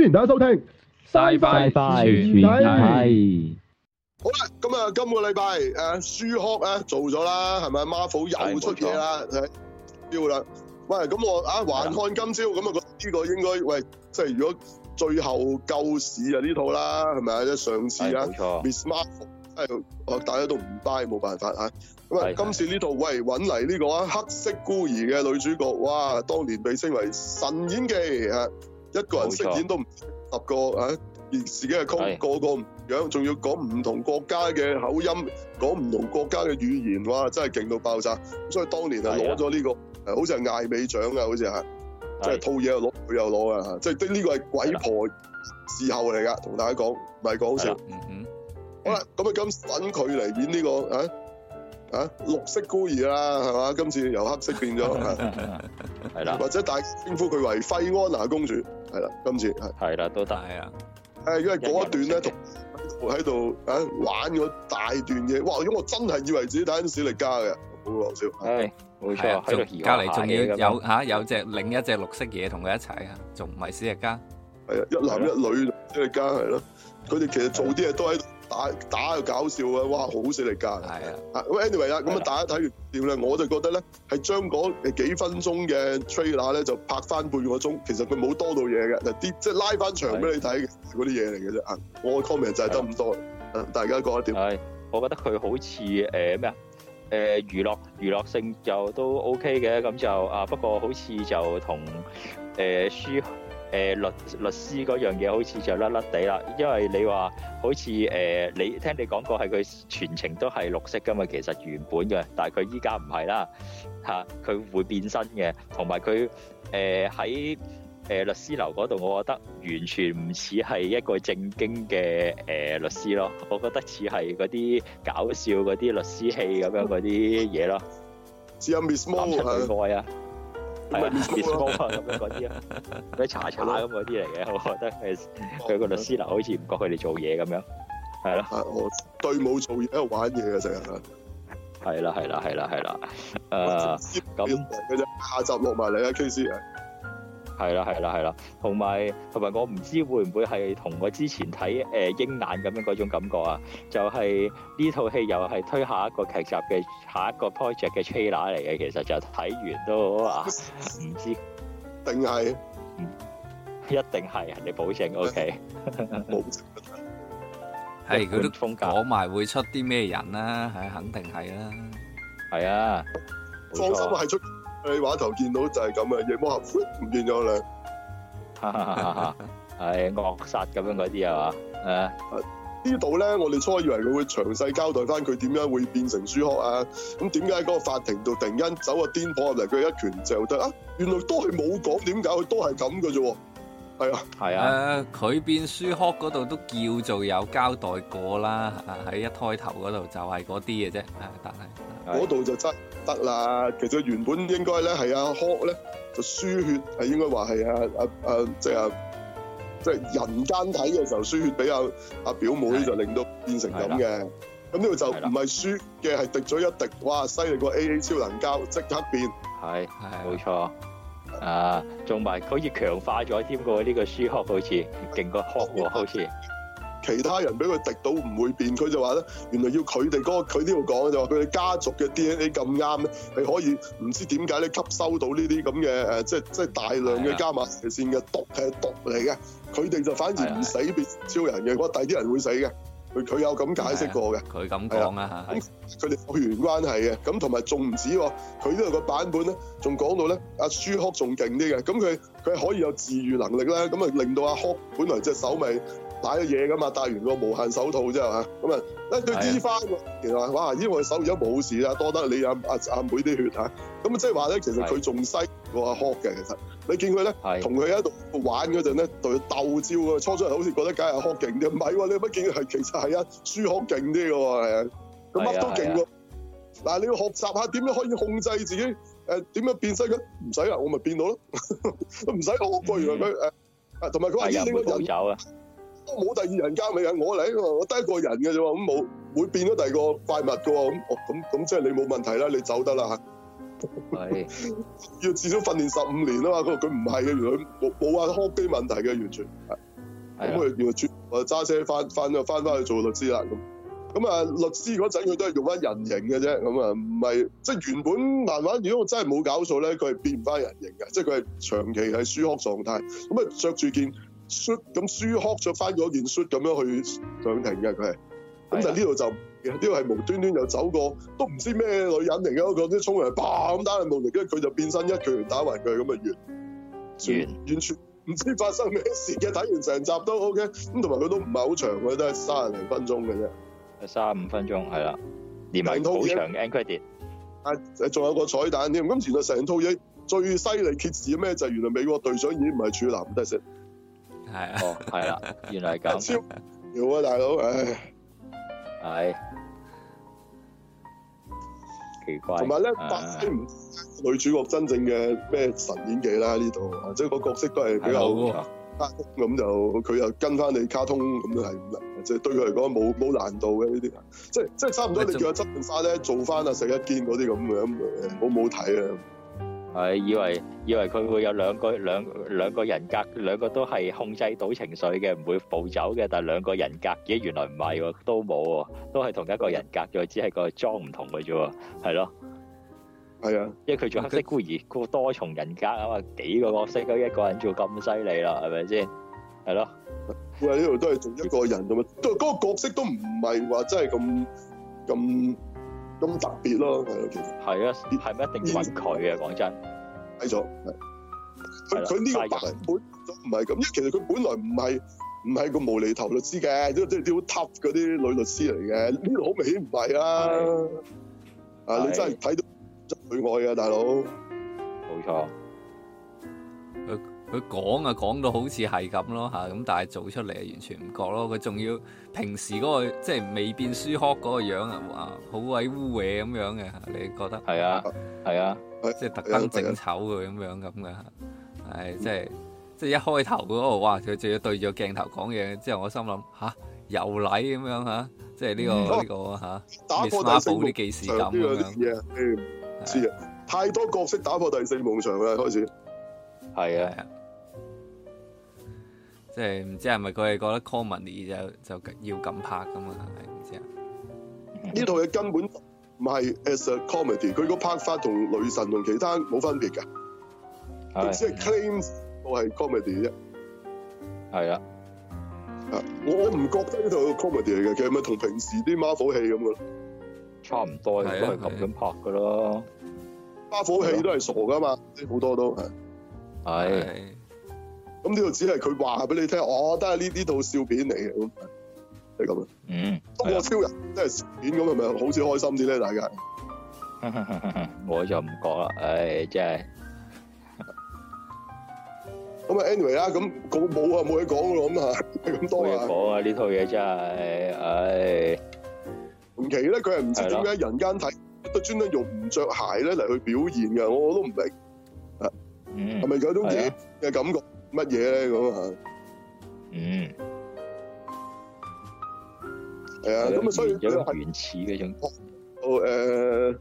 歡迎大家收聽，拜拜拜拜，體拜拜好啦，咁啊，今個禮拜誒、啊，She-Hulk 啊做咗啦，係咪？Marvel 又是出嘢啦，係錯，要啦，喂，咁我啊還看今朝，咁啊的，呢個應該喂，即係如果最後救市啊呢套的啦，係咪啊？上次啦 Miss Marvel，係我大家都唔 buy，冇辦法吓，咁啊，啊的今次呢套喂搵嚟呢個啊，黑色孤兒嘅女主角，哇，當年被稱為神演技啊！一個人飾演都唔十個啊，連自己嘅腔是個個唔樣，仲要講唔同國家嘅口音，講唔同國家嘅語言，哇！真係勁到爆炸。所以當年啊攞咗呢個，是的好似係艾美獎啊，好似係，即係的套嘢又攞，佢又攞啊，即係呢個係鬼婆侍候嚟㗎，同的大家講唔係講好笑。嗯嗯、好啦，咁啊今揾佢嚟演呢、這個啊。啊！綠色孤兒啦，係嘛？今次由黑色變咗，係啦。或者大家稱呼佢為費安娜公主，係啦。今次係係啦，都大啊！誒，因為嗰一段咧，同喺度啊玩咗大段嘢。哇！咁我真係以為自己睇緊史力加嘅，好搞笑。係，冇錯。而家，離仲要有嚇、啊啊、有隻另一隻綠色嘢同佢一齊啊！仲唔係史力加？係啊，一男一女史力的加係咯。佢哋其實做啲嘢都喺。打打又搞笑啊！哇，好犀利架！係啊，咁 anyway 啦、啊，咁啊大家睇完點咧？我就覺得咧係將嗰幾分鐘嘅 trailer 咧就拍翻半個鐘，其實佢冇多到嘢嘅，就啲即係拉翻場俾你睇嗰啲嘢嚟嘅啫啊！我嘅 comment 就係得咁多，啊、大家覺得點？係、啊，我覺得佢好似誒咩啊？誒、呃呃、娛樂娛樂性就都 OK 嘅，咁就啊不過好似就同誒 s 誒律律師嗰樣嘢好似就甩甩地啦，因為你話好似誒你聽你講過係佢全程都係綠色㗎嘛，其實原本嘅，但係佢依家唔係啦，吓佢會變身嘅，同埋佢誒喺誒律師樓嗰度，我覺得完全唔似係一個正經嘅誒律師咯，我覺得似係嗰啲搞笑嗰啲律師戲咁樣嗰啲嘢咯，似阿 B Small 啊～係啊 d i s c 咁樣嗰啲啊，嗰啲查查咁嗰啲嚟嘅，我覺得佢個律師樓好似唔覺佢哋做嘢咁樣，係咯，我對冇做嘢喺度玩嘢啊，成日，係啦，係啦，係啦，係啦，誒，咁佢就下集落埋嚟啊，K C 啊。係啦，係啦，係啦，同埋同埋，我唔知會唔會係同我之前睇誒《鷹眼》咁樣嗰種感覺啊？就係呢套戲又係推下一個劇集嘅下一個 project 嘅 trailer 嚟嘅，其實就睇完都唔知定係，一定係人哋保證 OK？冇，係佢都風格講埋會出啲咩人啦，係肯定係啦，係啊，放心啊，係出。你話頭見到就係咁 啊，夜魔俠唔見咗啦，係惡殺咁樣嗰啲啊嘛，呢度咧我哋初以為佢會詳細交代翻佢點解會變成書學啊，咁點解嗰個法庭度突然間走個癲婆入嚟，佢一拳就得啊，原來都係冇講點解，佢都係咁嘅啫。係咯，係啊。佢、啊、變書殼嗰度都叫做有交代過啦。是是啊，喺一開頭嗰度就係嗰啲嘅啫。誒，但係嗰度就真得啦。其實原本應該咧係阿殼咧就輸血，係應該話係啊。阿、啊、阿、啊、即係、啊、即係人間睇嘅時候輸血俾阿阿表妹、啊、就令到變成咁嘅。咁呢度就唔係輸嘅，係滴咗一滴。哇，犀利個 A A 超能膠即刻變。係係、啊，冇錯。啊，仲埋好似強化咗添喎！呢、這個書殼好似勁過殼喎，好似其他人俾佢滴到唔會變，佢就話咧，原來要佢哋嗰個，佢呢度講就話佢哋家族嘅 DNA 咁啱咧，係可以唔知點解咧吸收到呢啲咁嘅誒，即係即係大量嘅加馬射線嘅毒係的毒嚟嘅，佢哋就反而唔死變的超人嘅，我話第啲人會死嘅。佢佢有咁解釋過嘅，佢咁講啊吓，咁佢哋血緣關係嘅，咁同埋仲唔止喎，佢呢度個版本咧、啊，仲講到咧，阿舒克仲勁啲嘅，咁佢佢可以有治愈能力啦。咁啊令到阿柯本來隻手尾。戴咗嘢㗎嘛，戴完個無限手套之後嚇，咁啊一對煙花原來哇！因為我手而家冇事啦，多得你阿阿阿妹啲血嚇，咁即係話咧，其實佢仲犀過阿柯嘅，其實你見佢咧同佢喺度玩嗰陣咧，是的 對佢鬥招嘅初初好似覺得梗係阿柯勁啲，唔係喎，你乜嘢係其實係阿舒可勁啲嘅喎，係啊，佢乜都勁喎。嗱，你要學習下點樣可以控制自己誒點樣變身嘅，唔使啊，我咪變到咯，都唔使學嘅。原來佢誒同埋佢話我冇第二人格嘅，我嚟，我得一個人嘅啫喎，咁冇會變咗第二個怪物嘅喎，咁、哦，咁，咁即係你冇問題啦，你走得啦吓。係 要至少訓練十五年啊嘛，佢佢唔係嘅，佢冇冇話胸肌問題嘅，完全係，咁啊的，完全啊揸車翻翻翻翻去做律師啦咁。咁啊，律師嗰陣佢都係用翻人形嘅啫，咁啊唔係即係原本漫畫，如果真係冇搞數咧，佢係變唔翻人形嘅，即係佢係長期係舒胸狀態，咁啊着住件。shut 咁舒殼着翻咗件 shut 咁樣去上庭嘅佢，咁但係呢度就呢度係無端端又走過都唔知咩女人嚟嘅，嗰個啲衝嚟，叭咁打嚟，冇力，跟住佢就變身一拳打埋佢咁就完完全，完全唔知發生咩事嘅。睇完成集都 OK 咁，同埋佢都唔係好長嘅，都係卅零分鐘嘅啫，卅五分鐘係啦，連埋好長嘅。但係仲有一個彩蛋添咁，其實成套嘢最犀利揭示咩就係原來美國隊長已經唔係處男得先。係 哦，係啦，原來係咁，要啊， 大佬，唉，係，奇怪，同埋咧，百睇、唔知、女主角真正嘅咩神演技啦，呢度，即係個角色都係比較卡通咁，了就佢又跟翻你卡通咁，係咁即係對佢嚟講冇冇難度嘅呢啲，即係即係差唔多你叫阿曾勁花咧做翻啊，石一堅嗰啲咁嘅，好唔好睇啊？係以為以為佢會有兩個兩兩個人格，兩個都係控制到情緒嘅，唔會暴走嘅。但係兩個人格，咦？原來唔係喎，都冇喎，都係同一個人格，就只係個妝唔同嘅啫。係咯，係啊，因為佢做黑色孤兒，故多重人格啊嘛，幾個角色都一個人做咁犀利啦，係咪先？係咯，我喺呢度都係做一個人，咁啊，都嗰個角色都唔係話真係咁咁。咁特別咯，係其實係啊，係咪一定揾佢嘅？講是真。睇咗的，佢佢呢個版本唔係咁，因為其實佢本來唔係唔係個無厘頭律師嘅，都都都好 tough 嗰啲女律師嚟嘅，呢個好明顯唔係啦。啊，對你真係睇到對外啊，大佬，冇沒錯。佢講啊講到好似係咁咯嚇，咁但係做出嚟啊完全唔覺咯。佢仲要平時嗰個即係未變書殼嗰個樣啊，哇，好鬼污穢咁樣嘅嚇，你覺得？係啊，係啊，即係特登整醜佢咁樣咁嘅嚇，係即係即係一開頭嗰度，哇，佢仲要對住鏡頭講嘢之後，我心諗嚇有禮咁樣嚇，即係呢個呢個嚇，打破第四部啲既視感啊，係啊，太多角色打破第四夢場喇開始，係啊。即係唔知係咪佢哋覺得 comedy 就就要咁拍噶嘛？係唔知啊？呢套嘢根本唔係 as a comedy，佢個拍法同《雷神》同其他冇分別噶，是啊、只係 claims 我係 comedy 啫。係是啊，我唔覺得呢套 comedy 嚟嘅，佢係咪同平時啲 Marvel 戲咁噶？差唔多都係咁樣拍噶啦，Marvel 戲都係傻噶嘛，好多都係。係、啊。是啊咁呢度只係佢話俾你聽，我都係呢呢套笑片嚟嘅，咁係咁啊。嗯，不過超人即係片咁，係咪好似開心啲咧？大家，我就唔講啦，唉，真係。咁啊，anyway 啦，咁我冇啊，冇嘢講噶咯，咁啊，係咁多啊。冇嘢講啊，呢套嘢真係，唉，唔奇咧，佢係唔知點解人間體都專登用唔着鞋咧嚟去表現嘅，我都唔明。啊，嗯，係咪有種嘢嘅感覺？乜嘢咧？咁啊，嗯，係啊。咁啊，所以有原始嗰種哦。誒，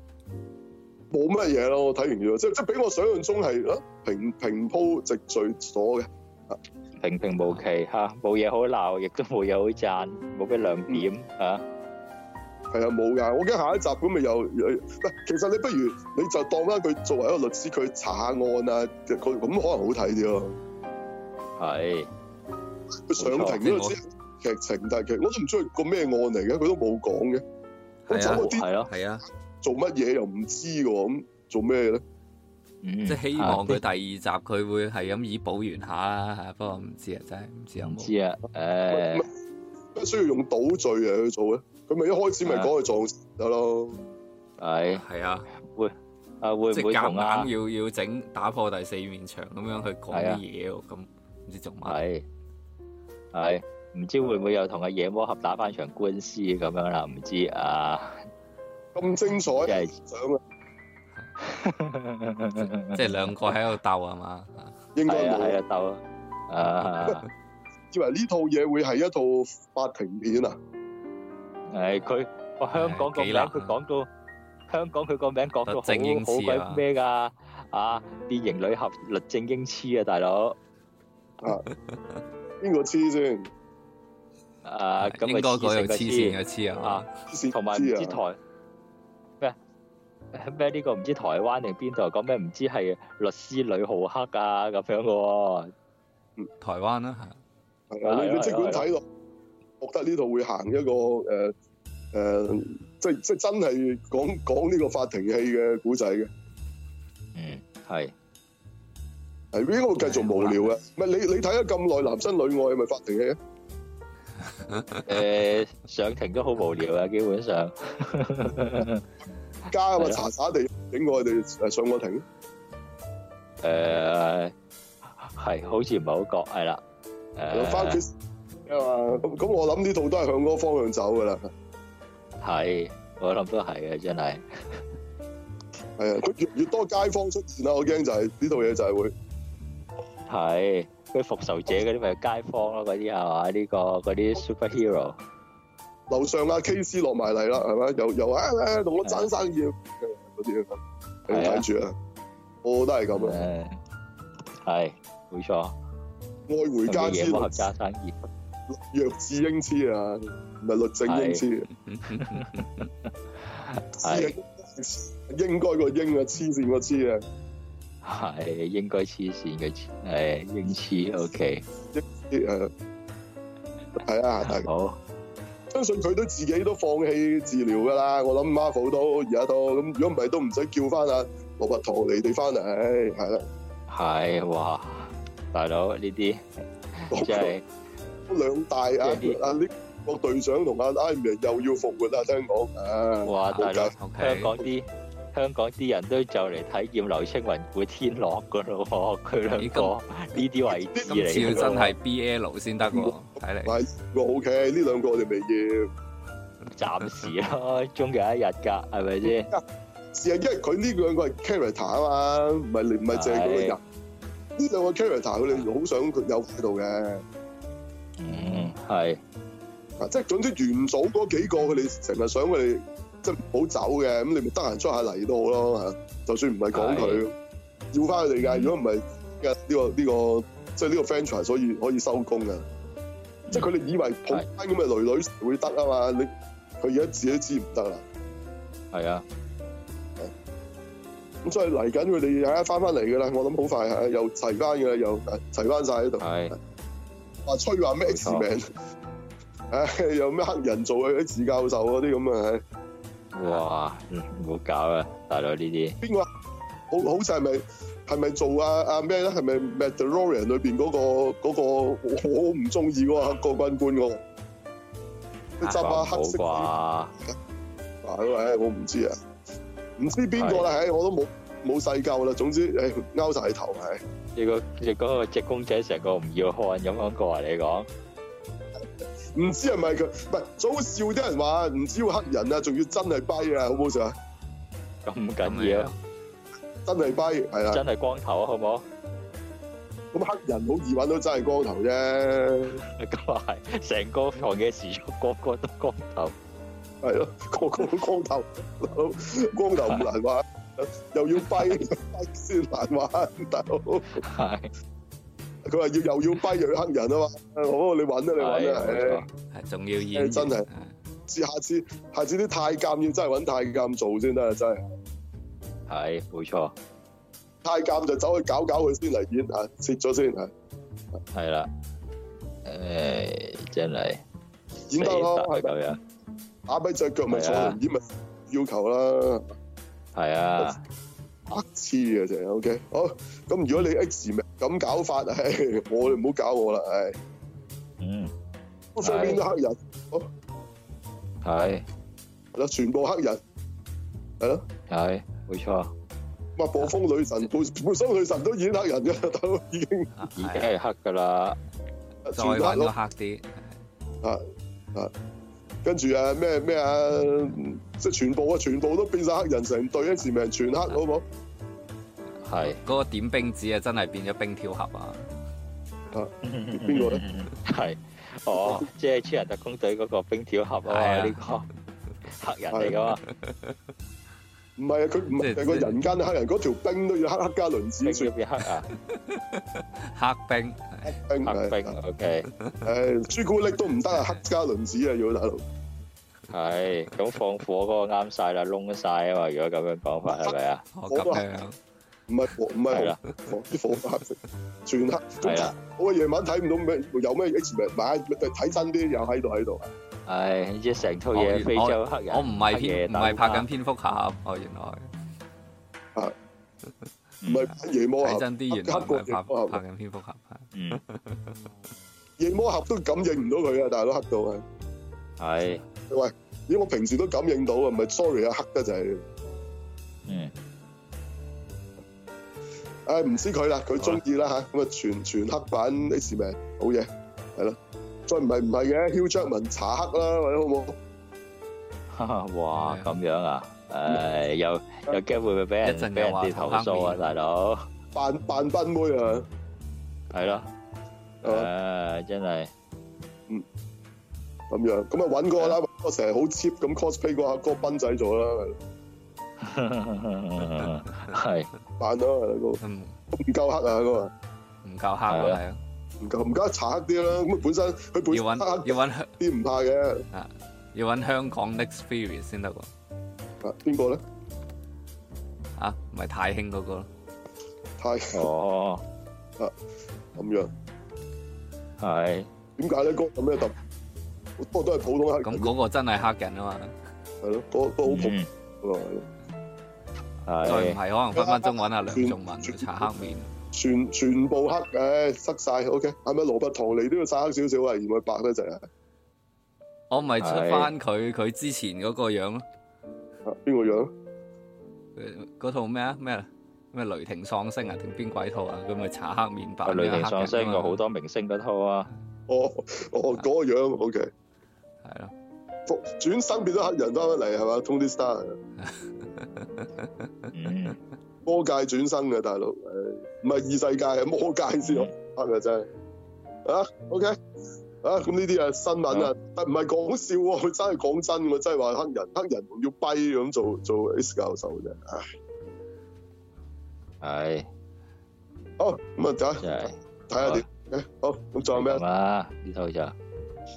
冇乜嘢咯。我睇完咗，即即係比我想象中係啊平平鋪直敘咗嘅啊，平平無奇吓，冇嘢好鬧，亦都冇嘢好讚，冇咩亮點啊。係啊，冇噶。我驚下一集咁咪又誒。其實你不如你就當翻佢作為一個律師，佢查下案啊。佢咁可能好睇啲咯。係佢上庭呢個劇情，但係劇，我都唔知個咩案嚟嘅，佢都冇講嘅。係啊，係咯，係啊，做乜嘢又唔知嘅咁，做咩咧？即係希望佢第二集佢會係咁以補完下啦，不過唔知啊，真係唔知有冇。知啊，誒，需要用賭罪嚟去做咧？佢咪一開始咪講係撞得咯？係係啊，會啊會，即係夾硬要要整打破第四面牆咁樣去講啲嘢哦，咁。唔知仲係係唔知會唔會又同個野魔俠打翻場官司咁樣啦？唔知啊，咁精彩，嘅！即係兩個喺度鬥啊嘛？應該係啊鬥啊啊！以為呢套嘢會係一套法庭片啊？誒佢個香港嘅名，佢講到香港佢個名講到好好鬼咩噶啊？變形女俠律政英雌啊，大佬！啊！邊個黐先？誒，應該佢就黐先。嘅黐啊！啊，同埋知台咩咩？呢個唔知台灣定邊度講咩？唔知係律師女浩克啊咁樣嘅喎。台灣啦，係。你你即管睇落，覺得呢度會行一個誒誒，即即真係講講呢個法庭戲嘅古仔嘅。嗯，係。係呢個繼續無聊嘅，唔係你你睇咗咁耐，男生女愛係咪法庭嘅，誒上庭都好無聊嘅，基本上加啊嘛，查查地影過佢哋誒上過庭，誒係好似唔係好覺係啦，誒翻佢啊嘛，咁咁我諗呢套都係向嗰個方向走噶啦，係我諗都係嘅，真係係啊，佢越越多街坊出現啦，我驚就係呢套嘢就係會。係嗰啲復仇者嗰啲咪街坊咯，嗰啲係嘛？呢、這個嗰啲 Superhero，樓上啊，KC 落埋嚟啦，係咪？又又唉同、啊啊、我爭生意嗰啲，你睇住啊，我都係咁啊，係，冇錯，愛回家之，有合家生意，弱智英痴啊，唔係律政英痴啊，係，應該個英啊，痴線個痴啊。係應該黐線嘅，誒，英黐 OK，英誒，係、呃、啊，大佬、啊、好相信佢都自己都放棄治療噶啦，我諗 Marvel 都而家都，咁如果唔係都唔使叫翻阿羅拔唐尼哋翻嚟，係啦、啊，係，哇，大佬呢啲真係，兩大阿阿呢個隊長同阿 Iron Man 又要復活啦，聽講，哇，大佬，香港啲。香港啲人都就嚟睇厭劉青雲古天樂嗰咯，佢兩個呢啲位置嚟嘅，真係 BL 先得喎。唔係，我 OK，呢兩個我哋未要，暫時咯，仲有一日㗎，係咪先？係因為佢呢兩個係 character 啊嘛，唔係唔係淨係嗰個人。呢兩個 character 佢哋好想佢有喺度嘅。嗯，係。啊，即係總之原組嗰幾個佢哋成日想佢哋。即係唔好走嘅，咁你咪得閒出下嚟都好咯。就算唔係講佢，的要翻佢哋噶。如果唔係嘅呢個呢、這個即係呢個 friendship 所以可以收工啊。嗯、即係佢哋以為捧翻咁嘅女女會得啊嘛？的你佢而家自己知唔得啦。係啊的。咁所以嚟緊佢哋而家翻翻嚟噶啦，我諗好快又齊翻噶啦，又齊翻晒喺度。係。話的吹話咩事名？唉錯，有咩 黑人做嘅啲自教授嗰啲咁嘅。哇，唔好搞啦，大佬呢啲。邊個好好似係咪係咪做啊？阿咩咧？係咪《Mandalorian》裏邊嗰個嗰個我唔中意嘅話個軍官個，執下黑色。啊！各位我唔知啊，唔知邊個啦，唉，我，我都冇冇細究啦。總之，唉、欸，拗晒頭係。你個你嗰個隻公仔成個唔要看咁樣啊，你講。唔知係咪佢唔係，好笑啲人話唔知要黑人啊，仲要真係跛啊，好唔好笑？咁唔緊要，真係跛係啦，真係光頭啊，好唔好？咁黑人冇易問到真係光頭啫。咁啊係，成個狂野時速，個個都光頭，係咯、啊，個個都光頭，光頭唔難玩， 又要跛，先 難玩到。係。 佢話要又要跛又要黑人啊嘛，好你揾啦你揾啦，係仲要演真係，至下次下次啲太監要真係揾太監做先得，真係係冇錯，太監就走去搞搞佢先嚟演啊，切咗先係係啦，誒真係演得咯係咁啊，打跛隻腳咪錯唔演咪要求啦，係啊啊。黐嘅啫，OK 好咁如果你 X 咁搞法我哋唔好搞我啦，唉，嗯，上邊都黑人，係，係咯，全部黑人，係咯，係，冇錯。暴風女神，半半生女神都已經黑人嘅，都已經，已經係黑噶啦，再黑都黑啲，啊啊，跟住啊咩咩啊，即係全部啊，全部都變晒黑人，成隊一視命全黑，好唔好？係嗰個點冰紙啊，真係變咗冰條盒啊！邊個咧？係哦，即係超人特工隊嗰個冰條盒啊！係呢個黑人嚟噶嘛？唔係啊，佢唔係係個人間嘅黑人，嗰條冰都要黑黑加侖子，最黑啊！黑冰黑冰，OK。誒，朱古力都唔得啊，黑加侖子啊，姚大佬。係咁放火嗰個啱晒啦，燶晒啊嘛！如果咁樣講法係咪啊？我咁樣。唔係火，唔係啊！啲火黑色，全黑。我夜晚睇唔到咩，有咩 X 片？唔係，睇真啲，又喺度喺度。係即係成套嘢，非洲黑人。我唔係唔係，唔係拍緊蝙蝠俠。哦，原來啊，唔係夜魔俠睇真啲，原黑過俠，拍緊蝙蝠俠。嗯，夜魔俠都感應唔到佢啊，大佬黑到係。係。咦？我平時都感應到啊，唔係？Sorry 啊，黑得就係。嗯。誒，唔知佢啦，佢中意啦吓，咁啊全全黑板呢事咪好嘢，係咯，再唔係唔係嘅 Hugh Jackman 查黑啦，或者好唔好？哇，咁樣啊，誒，有有機會會俾人一陣俾人哋投訴啊，大佬，扮扮賓妹啊，係咯，誒，真係，嗯，咁樣，咁啊揾過啦 c 成日好 cheap 咁 cosplay 過阿哥斌仔做啦，係。扮咗、嗰個唔夠黑啊，嗰個唔夠黑啊，係啊，唔夠，唔夠查黑啲啦。咁本身佢本身黑要揾要揾黑啲唔怕嘅啊，要揾香港的 experience 先得喎。啊，邊個咧？啊，咪、啊、太興嗰個咯。太興哦，咁、啊、樣係。點解咧？嗰、那個、有咩特？好、那、多、個、都係普通黑人。咁嗰個真係黑人啊嘛。係咯、啊，嗰嗰好普通。那個再唔係可能分分鐘揾阿梁仲文去搽黑面，全全，全，全，全部黑，唉塞晒，OK，係咪羅拔唐你都要晒黑少少是啊？而唔係白得滯啊？我唔咪出翻佢佢之前嗰個樣咯，邊個樣？嗰套咩啊？咩啊？咩雷霆喪星啊？定邊鬼套啊？咁咪搽黑面白？雷霆喪星有好、啊、多明星嗰套啊！哦哦，嗰、哦、的個樣 OK，係啊，轉的身變咗黑人翻翻嚟係嘛？Tony Stark。 嗯、魔界轉生嘅大佬，唉，唔係異世界，界、嗯、啊，魔界先好黑啊真係，啊，OK，啊，咁呢啲啊新聞啊，嗯、但唔係講笑喎，佢真係講真，我真係話黑人，黑人仲要跛咁做做 X 教授嘅啫，唉，係是，好，咁啊，等下睇下點，看看好，咁仲好有咩？啊，呢套就。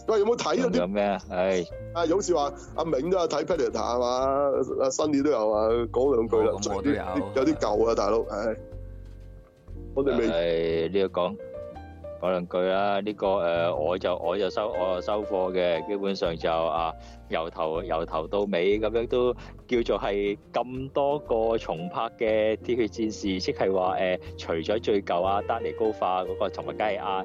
喂，有冇睇咗啲咩啊？唉，啊有次話阿銘都睇 Predator 啊嘛，阿 Sunny 都有啊，講兩句啦，有啲有啲舊啊，大佬唉，我哋未呢個講講兩句啦。呢個誒，我就我就收我收貨嘅，基本上就啊由頭由頭到尾咁樣都叫做係咁多個重拍嘅鐵血戰士，即係話誒，除咗最舊啊丹尼高化嗰個同埋雞啊。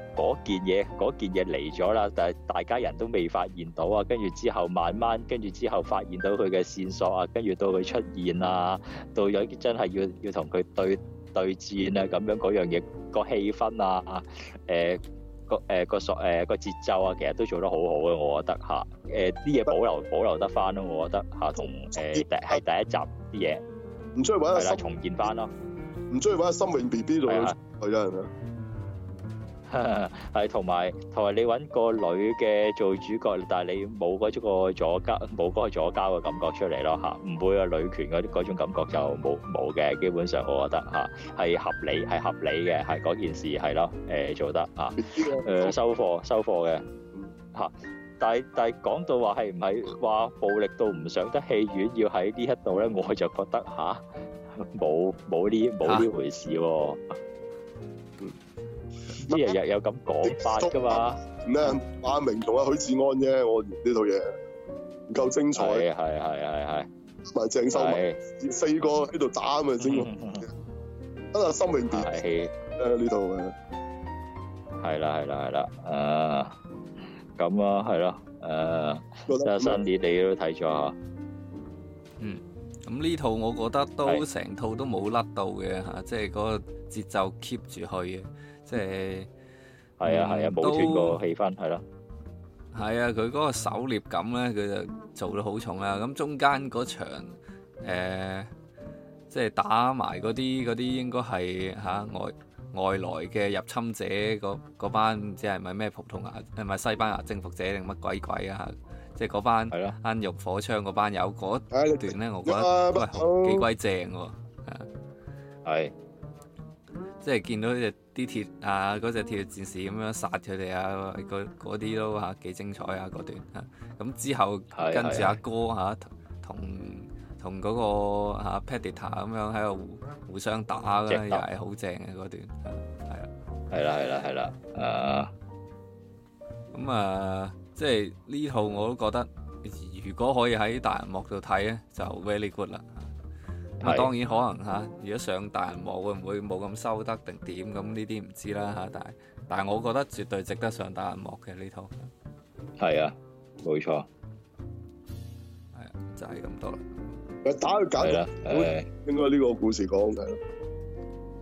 嗰件嘢嗰件嘢嚟咗啦，但係大家人都未發現到啊，跟住之後慢慢，跟住之後發現到佢嘅線索啊，跟住到佢出現啊，到有啲真係要要同佢對對戰啊，咁樣嗰樣嘢個氣氛啊，誒個誒個索誒個節奏啊，其實都做得好好嘅，我覺得嚇誒啲嘢保留保留得翻咯，我覺得嚇同誒係第一集啲嘢唔中意玩啊，重建翻咯，唔中意玩啊，心穎 BB 度係啊！係，同埋同埋你搵個女嘅做主角，但係你冇嗰種左膠，冇嗰個左膠嘅感覺出嚟咯嚇，唔會啊，女權嗰啲嗰種感覺就冇冇嘅，基本上我覺得嚇係、啊、合理係合理嘅，係嗰件事係咯，誒、呃、做得啊，誒、呃、收貨收貨嘅嚇、啊，但係但係講到話係唔係話暴力到唔上得戲院，要喺呢一度咧，我就覺得嚇冇冇呢冇呢回事喎。啲日日有咁講法噶嘛？咩？阿明同阿許志安啫，我呢套嘢唔夠精彩。係啊，係啊，係啊，埋鄭秀文，四個喺度打啊嘛，先啊，阿心明電器呢套嘅，係啦，係啦，係啦，啊，咁啊，係咯，啊，阿新你哋都睇咗嚇，嗯，咁、嗯、呢套我覺得都成套都冇甩到嘅嚇，即係嗰個節奏 keep 住去嘅。即係，係啊係啊，冇斷過氣氛係咯。係啊，佢嗰、啊啊、個狩獵感咧，佢就做得好重啦。咁中間嗰場，誒、呃，即、就、係、是、打埋嗰啲嗰啲，應該係吓外外來嘅入侵者，嗰班即係咪咩葡萄牙，誒，唔係西班牙征服者定乜鬼鬼啊？即係嗰班係咯，肉是、啊、火槍嗰班友嗰段咧，我覺得都幾鬼正嘅，係、啊。即係見到隻啲鐵啊，嗰隻鐵，鐵血戰士咁樣殺佢哋啊，嗰啲都嚇幾精彩啊！嗰段嚇，咁、啊、之後跟住阿哥嚇同同同嗰個 Predator 咁樣喺度互互相打嘅，又係好正嘅嗰段嚇，係啊，係啦係啦係啦，誒，咁啊，即係呢套我都覺得，如果可以喺大銀幕度睇啊，就 very good 啦。咁啊，係當然可能嚇。如果上大銀幕會唔會冇咁收得定點咁？呢啲唔知啦嚇。但係，但係我覺得絕對值得上大銀幕嘅呢套。係啊，冇錯。係啊，就係、係、咁多啦。打去柬埔寨，啊、應該呢個故事講緊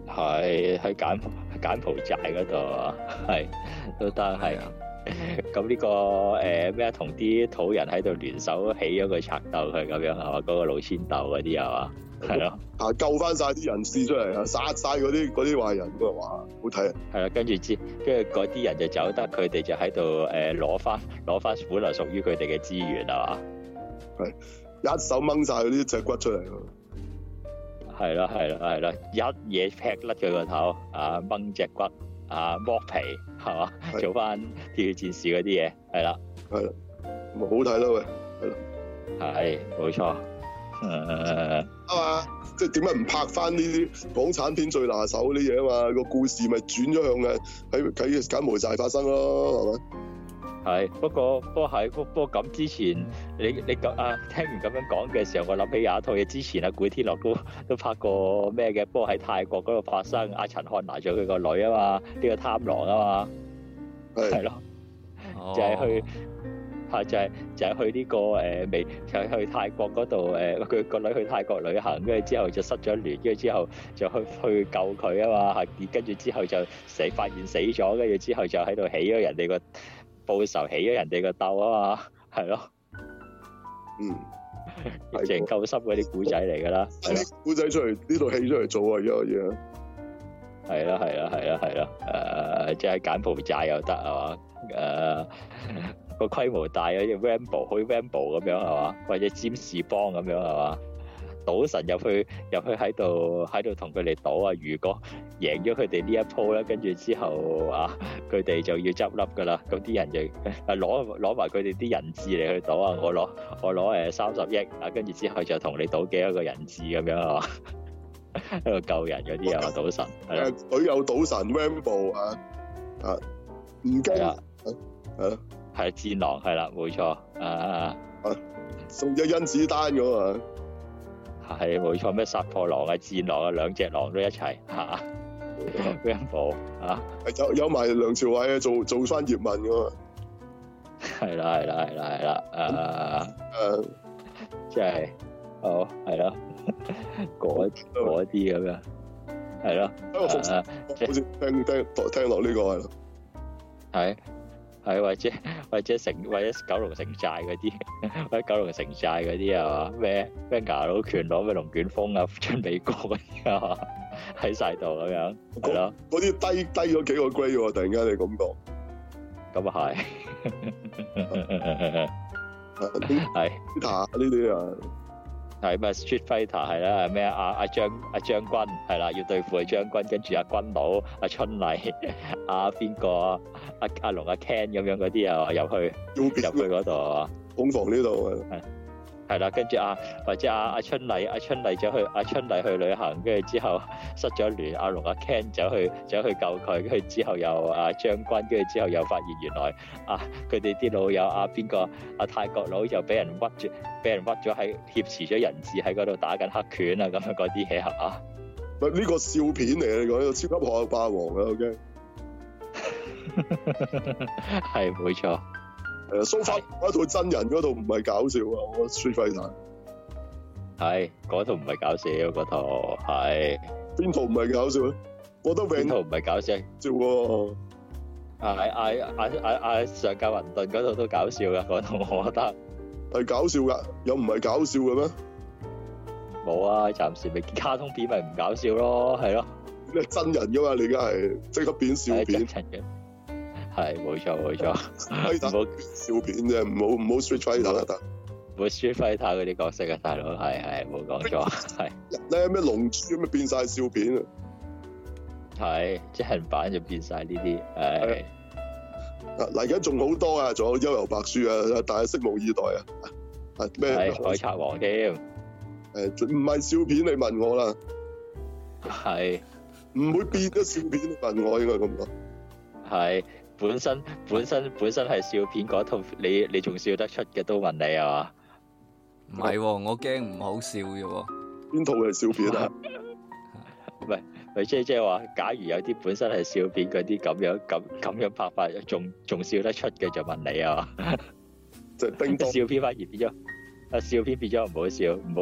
係喺柬埔寨嗰度，係都得係。咁呢、啊啊呢個誒咩同啲土人喺度聯手起咗個賊竇，佢咁樣係嘛？嗰、嗰個老千竇嗰啲係嘛？係咯，啊救翻晒啲人士出嚟啊，殺晒嗰啲嗰啲壞人，咁啊話好睇。係啦，跟住之，跟住嗰啲人就走得，佢哋就喺度誒，攞翻攞翻本來屬於佢哋嘅資源啊嘛。係，一手掹晒佢啲脊骨出嚟。係咯，係咯，係咯，一嘢劈甩佢個頭，啊掹脊骨，啊剝皮，係嘛的做翻鐵血戰士嗰啲嘢，係啦，係啦，咪好睇咯喂，係、欸、咯，係冇錯。誒，啊嘛，即係點解唔拍翻呢啲港產片最拿手啲嘢啊嘛？個故事咪轉咗向嘅，喺柬埔寨發生咯，係咪？係，不過不過係，不過咁之前，你你咁啊，聽完咁樣講嘅時候，我諗起有一套嘢，之前啊古天樂都都拍過咩嘅？不過喺泰國嗰度發生，阿陳漢拿咗佢個女啊嘛，呢、這個貪狼啊嘛，係是咯，就係、是、去。哦係、啊、就係、是、就係、是、去呢、這個誒未、呃、就係去泰國嗰度誒，佢、呃、個女去泰國旅行，跟住之後就失咗聯，跟住之後就去去救佢啊嘛，跟、啊、住之後就死發現死咗，跟住之後就喺度起咗人哋個報仇，起咗人哋個竇啊嘛，係咯，嗯，成救心嗰啲古仔嚟㗎啦。古仔 出嚟呢度起咗嚟做啊，一、yeah, 樣、yeah.，係啦係啦係啦係啦，誒、呃、即係柬埔寨又得啊嘛，誒。呃 個規模大啊，好似 Rambo，好似 Rambo 咁樣係嘛？或者占士邦咁樣係嘛？賭神入去入去喺度喺度同佢哋賭啊。如果贏咗佢哋呢一鋪咧，跟住之後啊，佢哋就要執笠㗎啦。咁啲人就啊攞攞埋佢哋啲人質嚟去賭啊。我攞我攞誒三十億啊，跟住之後就同你賭幾多個人質咁樣係嘛？一個救人嗰啲啊，賭神係啊，佢有賭神 Rambo 啊啊，唔驚啊啊！係戰狼係啦，冇錯啊，送咗甄子丹咁啊，係冇錯咩？殺破狼啊，戰狼啊，兩隻狼都一齊吓，Rambo 啊，有有埋梁朝偉做做翻葉問噶嘛，係啦係啦係啦係啦，啊，即係，好係咯，嗰嗰啲咁樣，係咯，好似聽聽聽落呢個係。係或者或者城或者九龍城寨嗰啲，或者九龍城寨嗰啲啊嘛，咩咩牙佬拳佬咩龍捲風啊，穿美國嗰啲啊，喺曬度咁樣，係咯，嗰啲低低咗幾個 grade 喎，突然間你咁講，咁啊係，係打呢啲啊。係咩？Street Fighter 係啦，係咩啊？阿阿阿張軍係啦，要對付阿張軍，跟住阿軍佬、阿、啊、春麗、阿邊個、阿阿、啊啊、龍、阿、啊、Ken 咁樣嗰啲啊，入去入去嗰度啊，攻防呢度啊。係啦，跟住阿、啊、或者阿、啊、阿春麗，阿、啊、春麗走去阿、啊、春麗去旅行，跟住之後失咗聯，阿、啊、龍阿、啊、Ken 走去走去救佢，跟住之後又阿、啊、將軍，跟住之後又發現原來啊佢哋啲老友阿、啊、邊個阿、啊、泰國佬又俾人屈住，俾人屈咗喺挾持咗人質喺嗰度打緊黑拳啊，咁樣嗰啲嘢係嘛？唔係呢個笑片嚟嘅，你講呢個超級悍霸王啊，OK？係冇錯。誒，蘇發嗰套真人嗰套唔係搞笑啊，我衰廢蛋。係嗰套唔係搞笑，嗰套係邊套唔係搞笑？我覺得永圖唔係搞笑的，照喎。係阿阿阿上架雲頓嗰套都搞笑噶，嗰套我覺得係搞笑噶，又唔係搞笑嘅咩？冇啊，暫時咪卡通片咪唔搞笑咯，係咯、啊。你真人噶嘛？你而家係即刻變笑片。係冇錯冇錯，冇笑片啫，唔好唔好 Street Fighter，唔好 Street Fighter 嗰啲角色啊，大佬係係冇講錯，係你有咩龍珠咁啊變晒笑片啊，係即係真人版就變晒呢啲，嗱嚟緊仲好多啊，仲有幽遊白書啊，大家拭目以待啊，係咩海賊王添？誒，唔係笑片，你問我啦，係唔會變咗笑片？你問我應該咁講，係。本身本身本身係笑片嗰套，你你仲笑得出嘅都問你啊嘛？唔係喎，我驚唔好笑嘅。邊套係笑片啊？唔係，咪即係即係話，假如有啲本身係笑片嗰啲咁樣咁咁樣拍法，仲仲笑得出嘅就問你啊？就笑片反而變咗，啊笑片變咗唔好笑，唔好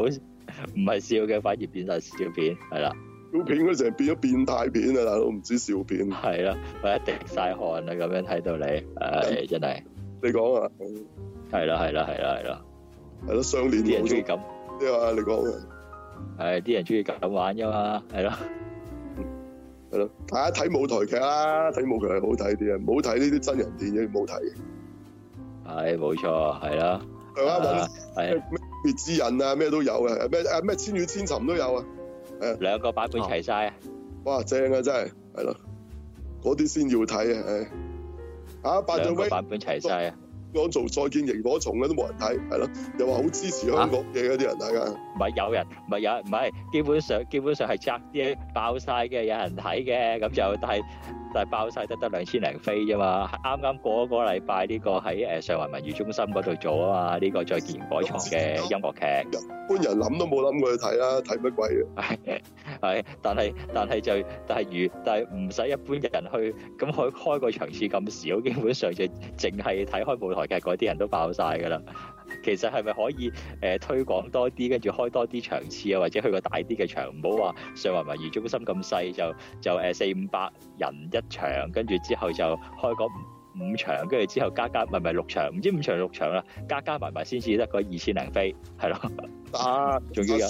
唔係笑嘅反而變晒笑片，係啦。古片成日變咗變態片啊！大佬唔知笑片。係啦，我一滴晒汗啊，咁樣睇到你，誒，真係你講啊！係啦，係啦，係啦，係啦，係咯，相聯啲人中意咁，你話你講啊？係，啲人中意咁玩噶嘛？係咯，係咯，大家睇舞台劇啦，睇舞台劇係好睇啲啊！唔好睇呢啲真人電影，唔好睇。係，冇錯，係啦。係嘛？係咩？滅之刃啊，咩都有啊。咩？咩千與千尋都有啊！誒，兩個版本齊晒啊！哇，正啊，真係，係咯，嗰啲先要睇啊，係啊，八個版本齊晒啊！啱做再見螢火蟲咧都冇人睇，係咯，又話好支持香港嘢嘅啲人，睇㗎唔係有人，唔係有人，唔係，基本上基本上係拆啲爆晒嘅，有人睇嘅，咁就係。就係爆曬得得兩千零飛啫嘛，啱啱過一個禮拜呢個喺誒上環文娛中心嗰度做啊嘛，呢個再建改創嘅音樂劇，一般人諗都冇諗過去睇啦，睇乜鬼？係，但係但係就但係如但係唔使一般嘅人去，咁開開個場次咁少，基本上就淨係睇開舞台劇嗰啲人都爆曬㗎喇。其實係咪可以誒推廣多啲，跟住開多啲場次啊，或者去個大啲嘅場，唔好話上環文娛中心咁細就就誒四五百人一場，跟住之後就開個五場，跟住之後加加埋埋六場，唔知五場六場啦，加加埋埋先至得嗰二千零飛，係咯，打仲要有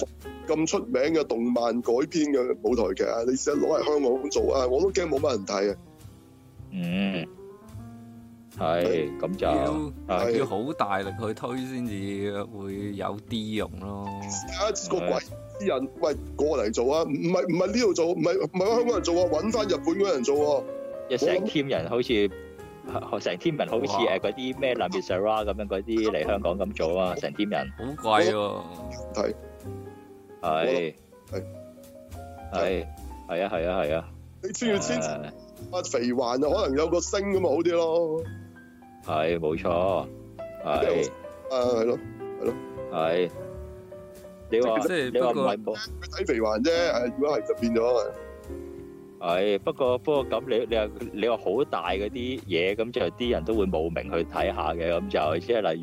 咁出名嘅動漫改編嘅舞台劇啊，你試下攞嚟香港咁做啊，我都驚冇乜人睇啊，嗯。係咁就，要好大力去推先至會有啲用咯。啊，個鬼啲人，喂，過嚟做啊？唔唔係唔係呢度做，唔係唔係香港人做啊？搵翻日本嗰人做。成 team 人好似，成 team 人好似誒嗰啲咩南麵神咁樣嗰啲嚟香港咁做啊？成 team 人。好貴啊。係係係係啊係啊係啊！你先要先發肥環啊，可能有個星咁咪好啲咯。係冇錯，係啊係咯，係咯，係。你話即係不過，佢睇肥還啫，如果係就變咗。係不過不過咁，你你話你話好大嗰啲嘢，咁就啲人都會慕名去睇下嘅，咁就即係例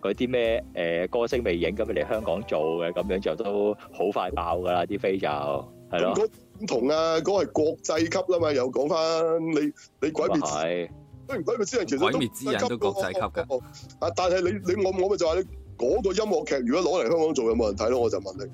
如嗰啲咩誒歌星未影，咁嚟香港做嘅，咁樣就都好快爆噶啦，啲飛就係咯。唔同啊，嗰係國際級啦嘛，又講翻你你詭辯。鬼滅之刃都國際級嘅，啊！但係你你我我咪就話你嗰個音樂劇如果攞嚟香港做有冇人睇咯？我就問你，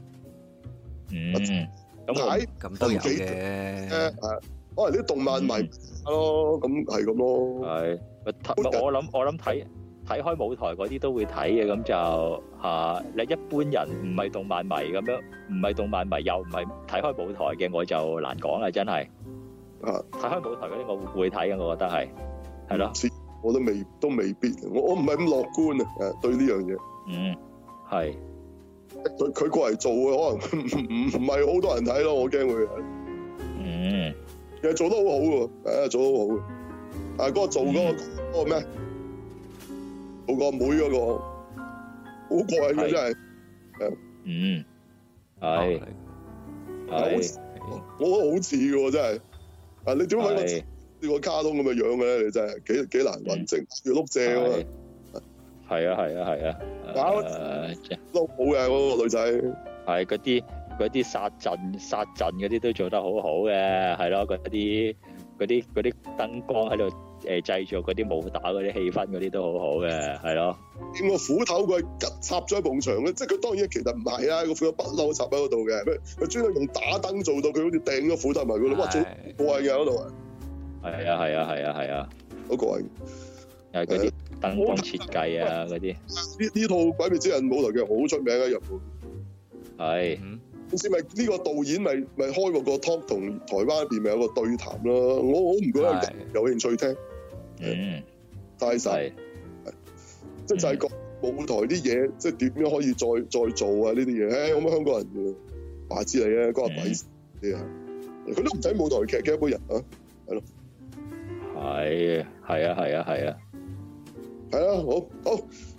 嗯，咁睇咁都有嘅，係可能啲動漫迷咯，咁係咁咯，係。我諗我諗睇睇開舞台嗰啲都會睇嘅，咁就吓你一般人唔係動漫迷咁樣，唔係動漫迷又唔係睇開舞台嘅，我就難講啦，真係。啊，睇開舞台嗰啲我會睇嘅，我覺得係。係咯是，我都未都未必，我我唔係咁樂觀啊！誒，對呢樣嘢，嗯，係，佢佢過嚟做嘅可能唔唔係好多人睇咯，我驚會，嗯，其實做得好好噶，誒，做得好好。啊，嗰個做嗰個個咩，我個妹嗰個，好過癮嘅真係，誒，嗯，係，我我覺得好似嘅真係，啊，你點解、嗰個？個卡通咁嘅樣嘅，你真係幾幾難穩正，要碌正啊！係啊，係啊，係啊，搞碌好嘅個女仔。係嗰啲嗰啲殺陣殺陣嗰啲都做得好好嘅，係咯。嗰啲嗰啲嗰啲燈光喺度誒，製造嗰啲武打嗰啲氣氛嗰啲都好好嘅，係咯。個斧頭佢插咗喺埲牆咧，即係佢當然其實唔係啊，個斧頭不嬲插喺嗰度嘅，佢專登用打燈做到佢好似掟咗斧頭埋嗰度，哇最貴嘅嗰度啊！的係啊係啊係啊係啊，好過癮，又係嗰啲燈光設計啊嗰啲。呢呢套《鬼滅之刃》舞台劇好出名嘅，日本係。好似咪呢個導演咪咪開過個 talk 同台灣邊咪有個對談咯。我我唔覺得有有興趣聽。嗯，大神係，即係就係講舞台啲嘢，即係點樣可以再再做啊？呢啲嘢誒，我咪香港人，話之你啊，講下鬼啲啊，佢都唔睇舞台劇嘅一般人啊，係咯。係，係啊，係啊，係啊，係啦，好好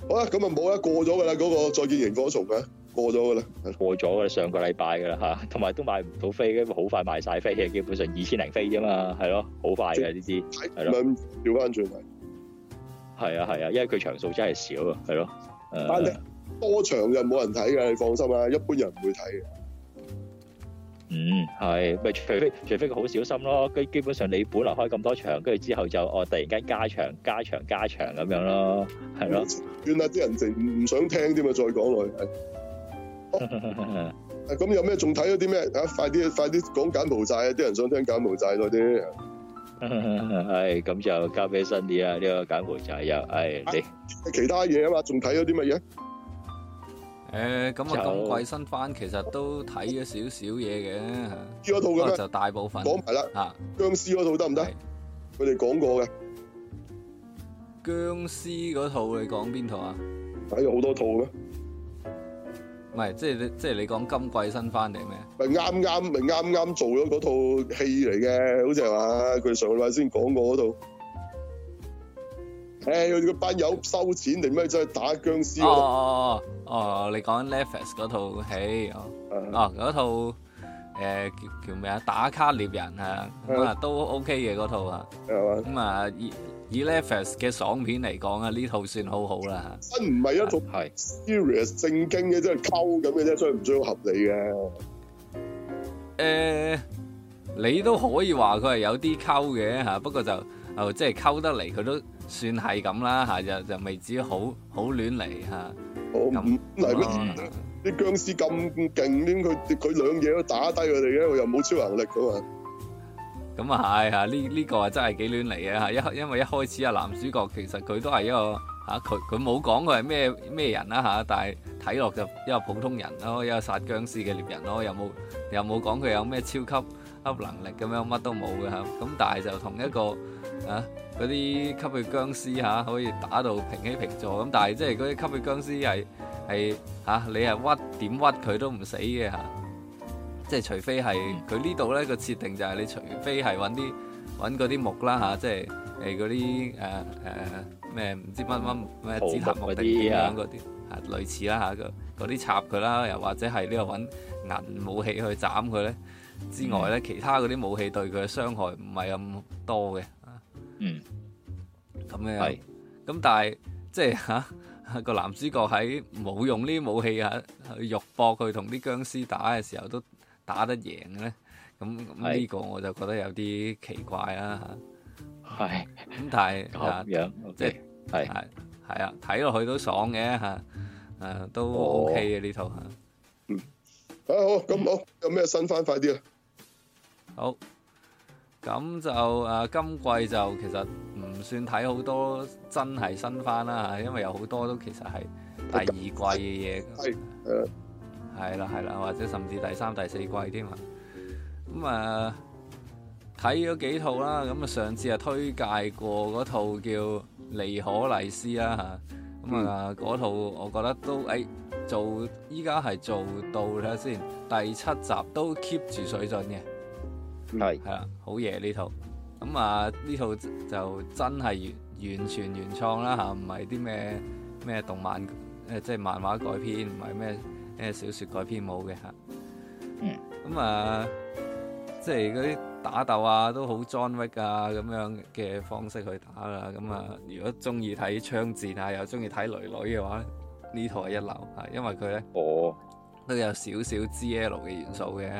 好啦，咁啊冇啦，過咗噶啦，嗰個再見螢火蟲啊，過咗噶啦，過咗啦，上個禮拜噶啦吓，同埋都買唔到飛，因為好快賣晒飛嘅，基本上二千零飛啫嘛，係咯，好快噶呢啲，係咯，調翻轉咪，係啊，係啊，因為佢場數真係少啊，係咯，但係多場就冇人睇嘅，你放心啦，一般人唔會睇嘅。嗯，係咪除非除非佢好小心咯？跟基本上你本嚟開咁多場，跟住之後就哦突然間加場、加場、加場咁樣咯，係咯。原嚟啲人唔唔想聽添啊，再講落去。咁、哦 嗯、有咩？仲睇咗啲咩？啊，快啲快啲講柬埔寨啊！啲人想聽柬埔寨多啲。係咁 就交俾新啲啦。呢、這個柬埔寨又係、哎、你其他嘢啊嘛？仲睇咗啲乜嘢？誒，咁啊、欸，今季新番，其實都睇咗少少嘢嘅。呢嗰套嘅就大部分講埋啦。吓，啊、僵屍嗰套得唔得？佢哋講過嘅。僵屍嗰套你講邊套啊？睇咗好多套嘅。唔係，即係即係你講今季新番定咩？咪啱啱咪啱啱做咗嗰套戲嚟嘅，好似係話？佢上個禮先講過嗰套。誒，佢哋、哎、班友收錢定咩？真係打殭屍。哦哦哦，哦你講 Netflix 嗰套戲哦，嗯、哦嗰套誒、呃、叫叫咩啊？打卡獵人啊，啊、嗯嗯、都 OK 嘅嗰套啊。咁啊、嗯嗯嗯，以以 Netflix 嘅爽片嚟講啊，呢套算好好啦，真唔係一種係 serious 正經嘅，真係溝咁嘅啫，所以唔需要合理嘅。誒、呃，你都可以話佢係有啲溝嘅吓，不過就誒、哦、即係溝得嚟，佢都。算係咁啦，吓就就未止好好亂嚟吓。我唔係乜嘢，啲殭屍咁勁，點佢佢兩嘢都打低佢哋嘅，佢又冇超能力噶嘛。咁啊係啊，呢呢個啊真係幾亂嚟嘅嚇。一因為一開始啊，男主角其實佢都係一個嚇，佢佢冇講佢係咩咩人啦嚇，但係睇落就一個普通人咯，一個殺殭屍嘅獵人咯，又冇又冇講佢有咩超級吸能力咁樣，乜都冇嘅嚇。咁但係就同一個啊。嗰啲吸血僵屍可以打到平起平坐咁，但係即係嗰啲吸血僵屍係係你係屈點屈佢都唔死嘅，即係除非係佢呢度咧個設定就係你除非係搵啲搵嗰啲木啦，即係嗰啲誒咩唔知乜乜咩紫檀木定咁樣嗰啲嚇類似啦，嗰啲插佢啦，又或者係呢度搵銀武器去斬佢咧之外咧，嗯、其他嗰啲武器對佢嘅傷害唔係咁多嘅。嗯，咁樣，咁但係即係吓個男主角喺冇用呢啲武器啊，去肉搏佢同啲僵屍打嘅時候都打得贏咧，咁咁呢個我就覺得有啲奇怪啦吓。係，咁但係吓樣，即係係係啊，睇落去都爽嘅吓，誒都 OK 嘅呢套吓。嗯，好，好，咁好，有咩新番快啲啊？好。咁就誒、啊，今季就其實唔算睇好多真係新番啦，因為有好多都其實係第二季嘅嘢，係係啦係啦，或者甚至第三、第四季添啊。咁誒睇咗幾套啦，咁啊上次啊推介過嗰套叫《莉可麗絲》啦嚇，咁啊嗰、嗯、套我覺得都誒、哎、做依家係做到啦先，第七集都 keep 住水準嘅。係，係啦、嗯，好嘢，呢套，咁啊呢套就真係完完全原創啦吓，唔係啲咩咩動漫誒即係漫畫改編，唔係咩咩小說改編，冇嘅吓。嗯，咁啊即係嗰啲打鬥啊都好 John Wick 啊咁樣嘅方式去打啦。咁啊如果中意睇槍戰啊又中意睇女女嘅話，呢套係一流，因為佢咧哦都有少少 G L 嘅元素嘅。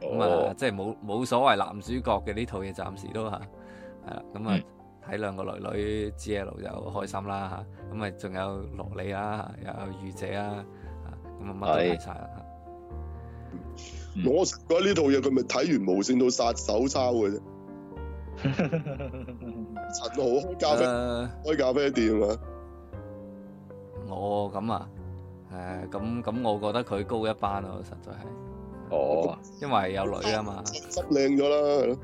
咁啊，哦、即係冇冇所謂男主角嘅，呢套嘢，暫時都吓係啦。咁啊，睇兩個女女 GL 就開心啦吓。咁啊，仲有蘿莉啦，有御姐啊，咁啊，乜都睇晒啦吓。我覺得呢套嘢，佢咪睇完無綫到殺手抄嘅啫。陳 豪開咖啡開咖啡店啊？我咁啊，誒、哦，咁咁，我覺得佢高一班咯，實在係。哦，因為有女啊嘛，執靚咗啦。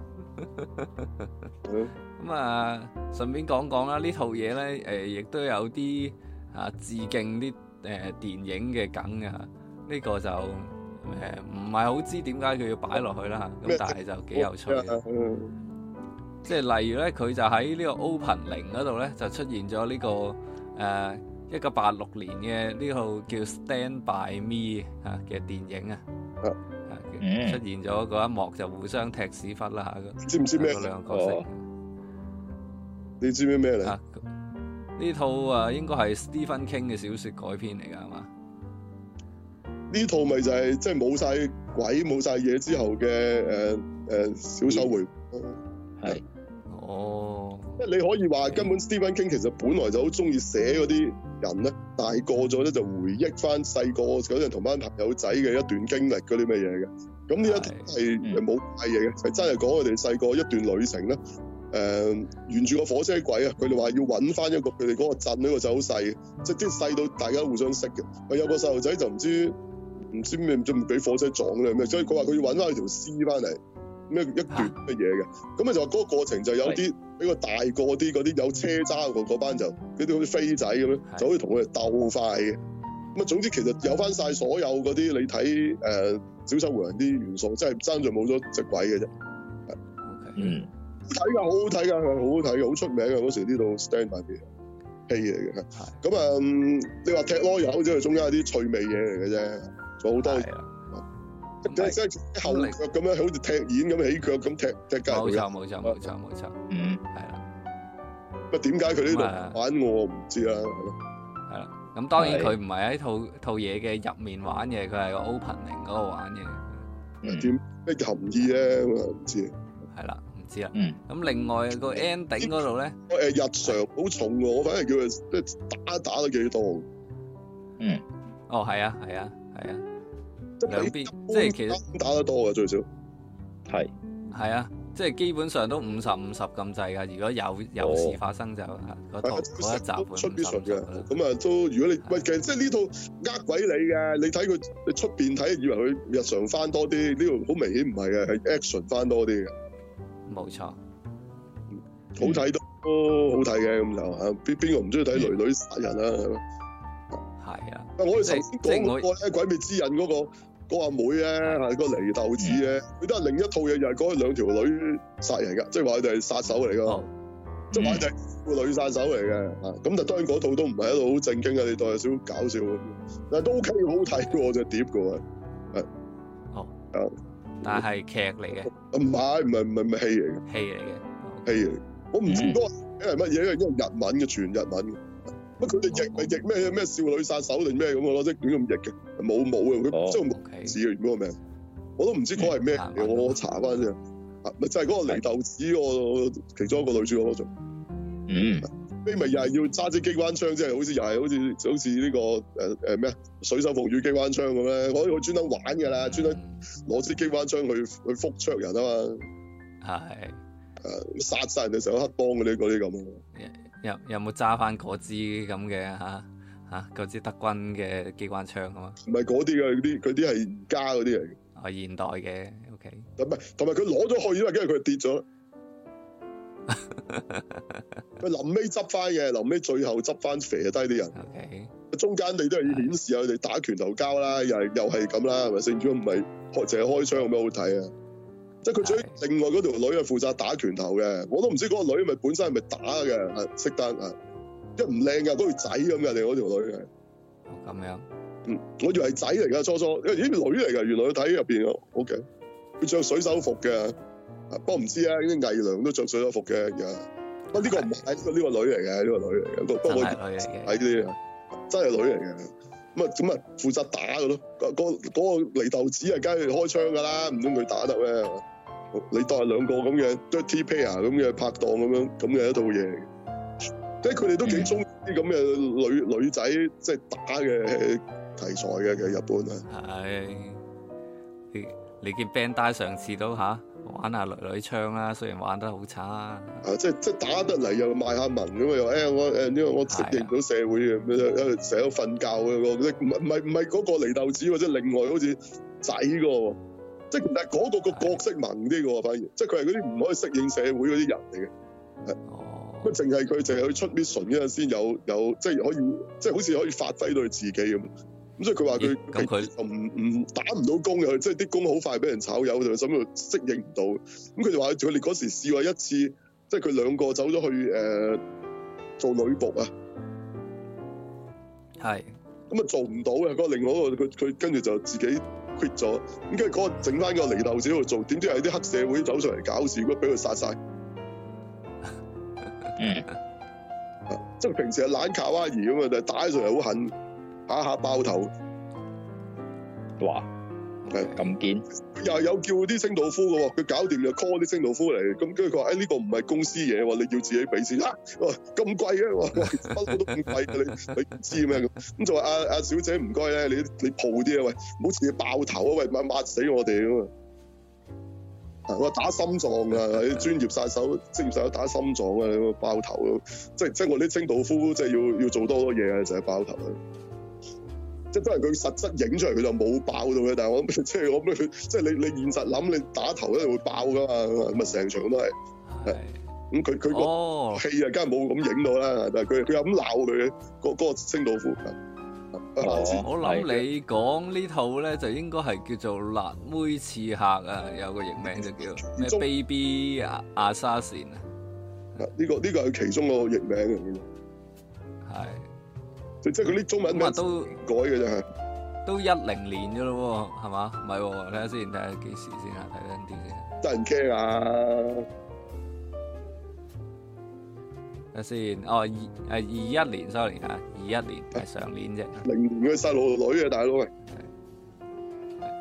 咁啊，順便講講啦，呢套嘢咧，誒，亦都有啲啊致敬啲誒電影嘅梗嘅。呢個就誒唔係好知點解佢要擺落去啦。咁但係就幾有趣嘅。即係例如咧，佢就喺呢個 Opening 嗰度咧，就出現咗呢個誒一九八六年嘅呢套叫 Stand by Me 吓嘅電影啊。出現咗嗰一幕就互相踢屎忽啦吓，咁。知唔知咩？兩個角色。哦，你知唔知咩嚟？呢套啊，套應該係 Stephen King 嘅小說改編嚟噶係嘛？呢套咪就係即係冇晒鬼冇晒嘢之後嘅誒誒小收尾。係，哦，即係你可以話、嗯、根本 Stephen King 其實本來就好中意寫嗰啲人咧，大個咗咧就回憶翻細個嗰陣同班朋友仔嘅一段經歷嗰啲咩嘢嘅，咁呢一係冇假嘢嘅，係、嗯、真係講佢哋細個一段旅程咧。誒、呃，沿住個火車軌啊，佢哋話要揾翻一個佢哋嗰個鎮嗰、呢個好細，即啲細到大家互相識嘅。咪有個細路仔就唔知唔知咩，唔知俾火車撞咗咩，所以佢話佢要揾翻條屍翻嚟，咩一段乜嘢嘅。咁咪、啊、就話嗰個過程就有啲。俾個大個啲嗰啲有車揸嗰班就佢哋好似飛仔咁樣，就可以同佢哋鬥快嘅。咁啊的，總之其實有翻晒所有嗰啲你睇誒小丑湖人啲元素，真係爭在冇咗隻鬼嘅啫。係，嗯，好睇㗎，好好睇㗎，係好好睇㗎，好出名㗎。嗰時呢度 stand 埋啲戲嚟嘅。咁啊，你話踢囉柚啫，中間有啲趣味嘢嚟嘅啫，仲好多。即係即係後腳咁樣，好似踢毽咁起腳咁踢踢架冇錯冇錯冇錯冇錯，嗯係啦。喂點解佢呢度玩我唔知啦。係啦，咁當然佢唔係喺套套嘢嘅入面玩嘅，佢係個 opening 嗰度玩嘅。點咩含義咧？我唔知。係啦，唔知啦。嗯。咁另外個 ending 嗰度咧，誒日常好重喎，我反而叫佢即係打打咗幾多。嗯。哦，係啊係啊係啊。兩邊即係其實打得多嘅，最少係係啊，即係基本上都五十五十咁滯㗎。如果有有事發生就係嗰出必順嘅咁啊，那一都50，那就如果你、啊、喂其實即係呢套呃鬼你嘅，你睇佢你出邊睇以為佢日常翻多啲，呢度好明顯唔係嘅，係 action 翻多啲嘅。冇錯，嗯、好睇都好睇嘅，咁就啊邊邊個唔鍾意睇女女殺人啊？係啊，我哋頭先講過咧，鬼滅之刃嗰、那個阿、那個、妹咧，係、那個禰豆子嘅，佢都係另一套嘢，又係講兩條女殺人噶，即係話佢哋係殺手嚟㗎，即係話佢哋係女殺手嚟嘅。咁、嗯，就係當然嗰套都唔係一度好正經嘅，你當有少少搞笑咁，但係都 OK 好睇喎，隻碟嘅喎，係。哦。但係劇嚟嘅。唔係唔係唔係唔係戲嚟嘅。戲嚟嘅。戲嚟。我唔知嗰個係乜嘢，因為因為日文嘅，全日文。乜佢哋譯咪譯咩咩少女殺手定咩咁我咯，即點咁譯嘅？冇冇嘅，佢即係指字嘅原本個名，我都唔知嗰係咩，我查翻先咪就係嗰個泥豆子個的其中一個女主角咯。嗯，你咪又係要揸支機關槍啫，即係、係好似又係好似好似呢個咩啊、呃、水手服與機關槍咁咧，我以佢專登玩㗎啦，嗯、專登攞支機關槍去去覆桌人啊嘛，係、啊，殺晒人哋成個黑幫嗰啲啲咁有有冇揸翻嗰支咁嘅嚇嚇嗰支德軍嘅機關槍咁啊？唔係嗰啲㗎，啲啲係而家嗰啲嚟嘅。哦，現代嘅，OK。同埋同埋佢攞咗去啦，跟住佢跌咗。佢臨尾執翻嘅，臨尾最後執翻肥低啲人。Okay 中間你都係要顯示下佢哋打拳頭交啦，又係又係咁啦，係咪先？如果唔係，淨係開槍有咩好睇啊？即係佢最另外嗰條女係負責打拳頭嘅，我都唔知嗰個女係咪本身係咪打嘅，係識得啊，一唔靚嘅嗰條仔咁嘅，另外嗰條女嘅。哦，咁樣。嗯，我以為係仔嚟㗎初初，因為咦，女嚟㗎，原來佢睇入邊 OK 佢着水手服嘅。不過唔知啊，啲偽娘都着水手服嘅，而家。不過呢個唔係呢個女嚟嘅，呢個女嚟嘅，不過我睇啲啊，真係女嚟嘅。咁啊咁啊，負責打㗎咯。嗰個嚟豆子啊，梗係開槍㗎啦，唔通佢打得咩？你當係兩個咁樣，都係 Dirty Pair 咁嘅拍檔咁樣，咁嘅一套嘢。即係佢哋都幾鍾意啲咁嘅女女仔，即係打嘅題材嘅嘅日本啊。係。你你見 Bandai 上次都嚇、啊、玩一下女女槍啦、啊，雖然玩得好差啊。啊！即即打得嚟又賣一下文咁啊！誒、哎、我誒呢個我適應到社會嘅，成日瞓覺嘅、那個，唔係唔係唔係嗰個禰豆子或者另外好似仔個。即係嗰個個角色萌啲喎，係。反而即係佢係嗰啲唔可以適應社會嗰啲人嚟嘅。哦。咁啊，淨係佢淨係去出 mission 嗰陣先有有，即係、即係、可以，即、就、係、係、好似可以發揮到佢自己咁。咁所以佢話佢佢唔唔打唔到工嘅，佢即係啲工好快俾人炒魷，就咁樣適應唔到。咁佢就話佢哋嗰時試過一次，即係佢兩個走咗去誒、呃、做女僕啊。係的。咁啊、嗯，做唔到嘅。嗰、嗰個、另外一個佢佢跟住就自己。quit 咗，咁跟住嗰個整翻個泥豆仔喺度做，點知係啲黑社會走上嚟搞事，咁俾佢殺晒。嗯，即係平時係懶卡哇伊咁樣，但係打起上嚟好狠，打下爆頭。哇。係咁點，又有叫啲清道夫嘅喎，佢搞掂就 call 啲清道夫嚟，咁跟住佢話：誒、哎、呢、這個唔係公司嘢喎，你要自己俾錢，嚇、啊，咁貴啊，喂乜都咁貴，啊，你 你唔知咩？咁，咁就話：阿阿小姐唔該咧，你你抱啲啊，喂，唔好似你爆頭啊，喂，抹抹死我哋啊，我打心臟啊，啲的專業殺手，專業殺手打心臟啊，你個爆頭，即係即係我啲清道夫，即係要要做多多嘢啊，就係，是，爆頭啊。即係可能佢實質影出嚟佢就冇爆到嘅，但係我諗即係我諗即係你你現實諗你打頭咧就會爆㗎嘛，咁啊成場都係。係的。咁佢佢個戲啊，梗係冇咁影到啦。但係佢佢又咁鬧佢，個嗰個星島附近。我諗你講套呢套咧，就應該係叫做辣妹刺客啊，有個譯名就叫咩中 Baby Assassins 啊。呢個呢個係其中個譯名啊。即係嗰啲中文，咁都改嘅啫，都一零年嘅咯喎，係嘛？唔係，睇下先，睇下幾時先啊？睇緊啲先。得人驚啊！睇先，哦，二誒二一年 sorry 啊，二一年係上年啫，年零年嘅細路女啊，大佬。係、啊。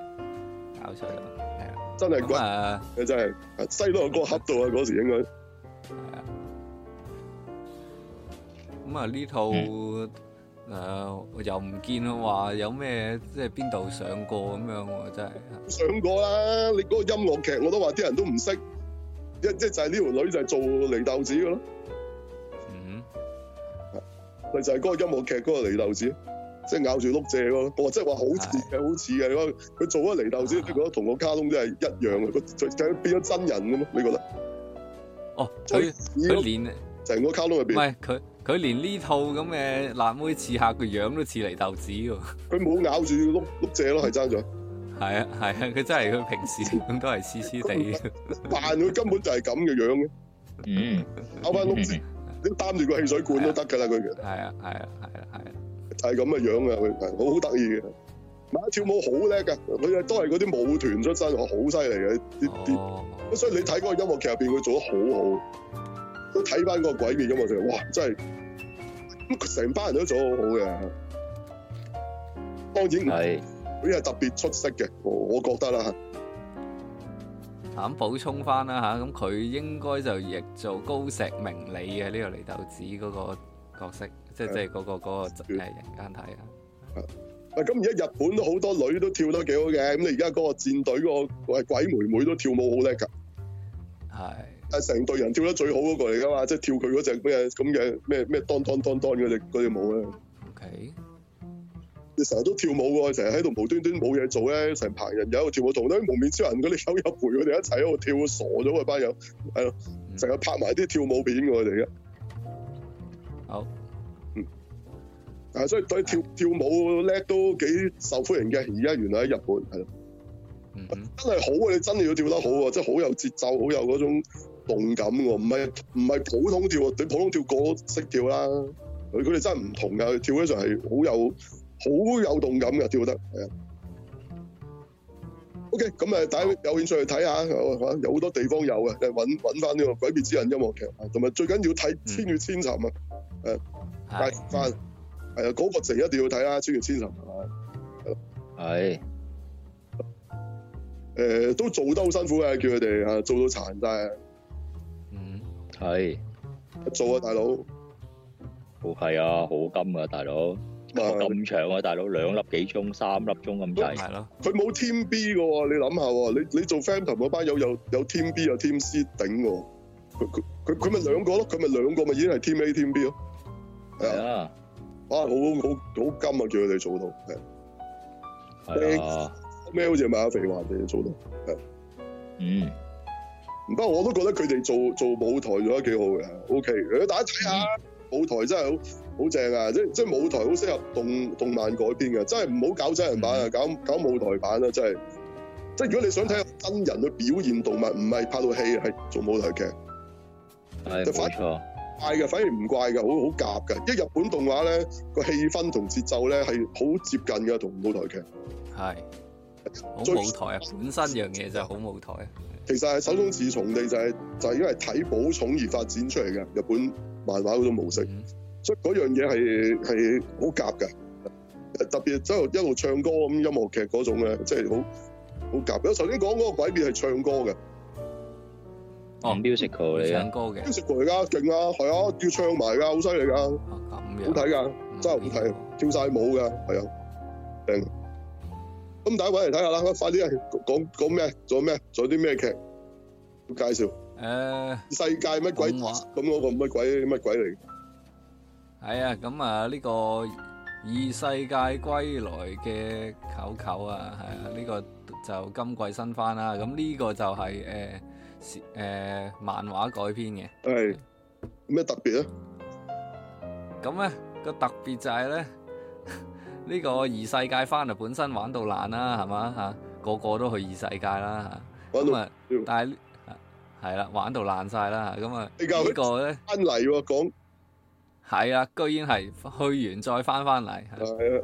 搞錯咯，真係關，佢真係西多個殼度啊！嗰時應該。係啊、嗯。咁啊呢套。嗯誒，呃、我又唔見話有咩即係邊度上過咁樣喎、啊，真係上過啦！你、那、嗰個音樂劇我都話啲人都唔識，即係就係呢條女就係做禰豆子嘅咯。嗯，咪就係、是、嗰個音樂劇嗰個禰豆子，就是子哦、即係咬住碌蔗咯。我話即係話好似嘅，好似嘅咯。佢做咗禰豆子，啊、你覺得同個卡通真係一樣嘅？佢佢變咗真人咁咯？你覺得？哦，佢佢演就成個卡通入邊。唔係佢。佢連呢套咁嘅辣妹刺客個樣都似嚟豆子喎！佢冇咬住碌碌蔗咯，係爭咗。係啊係啊，佢、啊、真係佢平時咁都係黐黐哋扮，佢根本就係咁嘅樣嘅。嗯，咬翻碌蔗，嗯、你擔住個汽水罐都得㗎啦！佢係啊係啊係啊係啊，就係咁嘅樣嘅佢，好好得意嘅。跳舞好叻嘅，佢又都係嗰啲舞團出身，好犀利嘅啲啲。哦、所以你睇嗰個音樂劇入邊，佢做得好好。都睇翻嗰個鬼面咁啊！佢哇，真係咁，佢成班人都做得好好嘅。當然，佢係特別出色嘅。的我覺得啦，咁補充翻啦嚇，咁佢應該就亦做高石明理嘅呢個禰豆子嗰個角色，即係即係嗰個嗰的個係人間體啊。喂，咁而家日本都好多女都跳得幾好嘅，咁你而家嗰個戰隊個喂鬼妹妹都跳舞好叻㗎。係。係成隊人跳得最好嗰個嚟㗎嘛，即係跳佢嗰隻咩咁嘅咩咩噹噹噹噹嗰隻嗰隻舞咧。OK，你成日都跳舞喎，成日喺度無端端冇嘢做咧，成排人又喺度跳舞做咧，同蒙面超人嗰啲又入陪佢哋一齊喺度跳，傻咗個班友，係咯，成日、mm hmm. 拍埋啲跳舞片㗎佢哋嘅。好，但係啊，所以對跳 Yeah. 跳舞叻都幾受歡迎嘅。而家原來喺日本係咯，mm hmm. 真係好啊！你真係要跳得好啊，mm hmm. 即係好有節奏，好有嗰種。動感喎，唔係唔係普通跳，你普通跳我識跳啦。佢哋真係唔同噶，跳起上係好有好有動感噶，跳得。O K，咁啊，okay, 大家有興趣去睇下，有好多地方有嘅，就揾翻呢個《鬼滅之刃》音樂劇，同埋最緊要睇《千與千尋》啊，誒、嗯，介紹翻，係啊的，嗰、那個成一定要睇啦，《千與千尋》係，係的，誒、嗯，都做得好辛苦嘅，叫佢哋啊，做到殘晒。係做啊，大佬，好係啊，好金啊，大佬，咁長啊，大佬，兩粒幾鐘，三粒鐘咁滯係咯。佢冇 team B 㗎喎，你諗下喎，你你做 family 嗰班友有有 team B 啊 team C 頂喎，佢佢佢佢咪兩個咯，佢咪兩個咪已經係 team A team B 咯。係啊，啊，好好好金啊，叫佢哋做到係。係啊，咩好似馬肥話俾你做到係。嗯。不過我都覺得佢哋做做舞台做得幾好嘅，OK。大家睇下舞台真係好好正啊！即即舞台好適合動動漫改編嘅，真係唔好搞真人版啊，嗯、搞搞舞台版啦、啊！真係即如果你想睇真人去表現動物，唔係拍到戲，係做舞台劇，係冇、哎、錯怪嘅，反而唔怪嘅，好好夾嘅。因為日本動畫咧個氣氛同節奏咧係好接近嘅，同舞台劇係好舞台啊！最本身樣嘢就好舞台啊！其實係手塚治虫佢就係、是、就係、是、因為睇寶塚而發展出嚟嘅日本漫畫嗰種模式，所以嗰樣嘢係係好夾嘅。特別一路唱歌咁音樂劇嗰種嘅，即係好好夾。我頭先講嗰個鬼滅係唱歌嘅，哦 musical 嚟啊！musical 而家勁啊，係啊，要唱埋㗎，的哦、好犀利㗎，好睇㗎，真係好睇，跳晒舞㗎。係啊，咁第一位嚟睇下啦，快啲啊！講講咩？做咩？做啲咩劇？介紹。誒，世界乜鬼？咁嗰個乜鬼乜鬼嚟？係啊，咁啊呢個異世界歸來嘅舅舅啊，係啊呢個就今季新番啦。咁呢個就係誒誒漫畫改編嘅。係咩特別咧？咁咧個特別就係咧。呢個異世界翻嚟，本身玩到爛啦，係嘛嚇？個個都去異世界啦嚇。咁啊，但係係啦，玩到爛曬啦嚇。咁啊，呢個咧翻嚟喎講，係啊，居然係去完再翻翻嚟。係啊，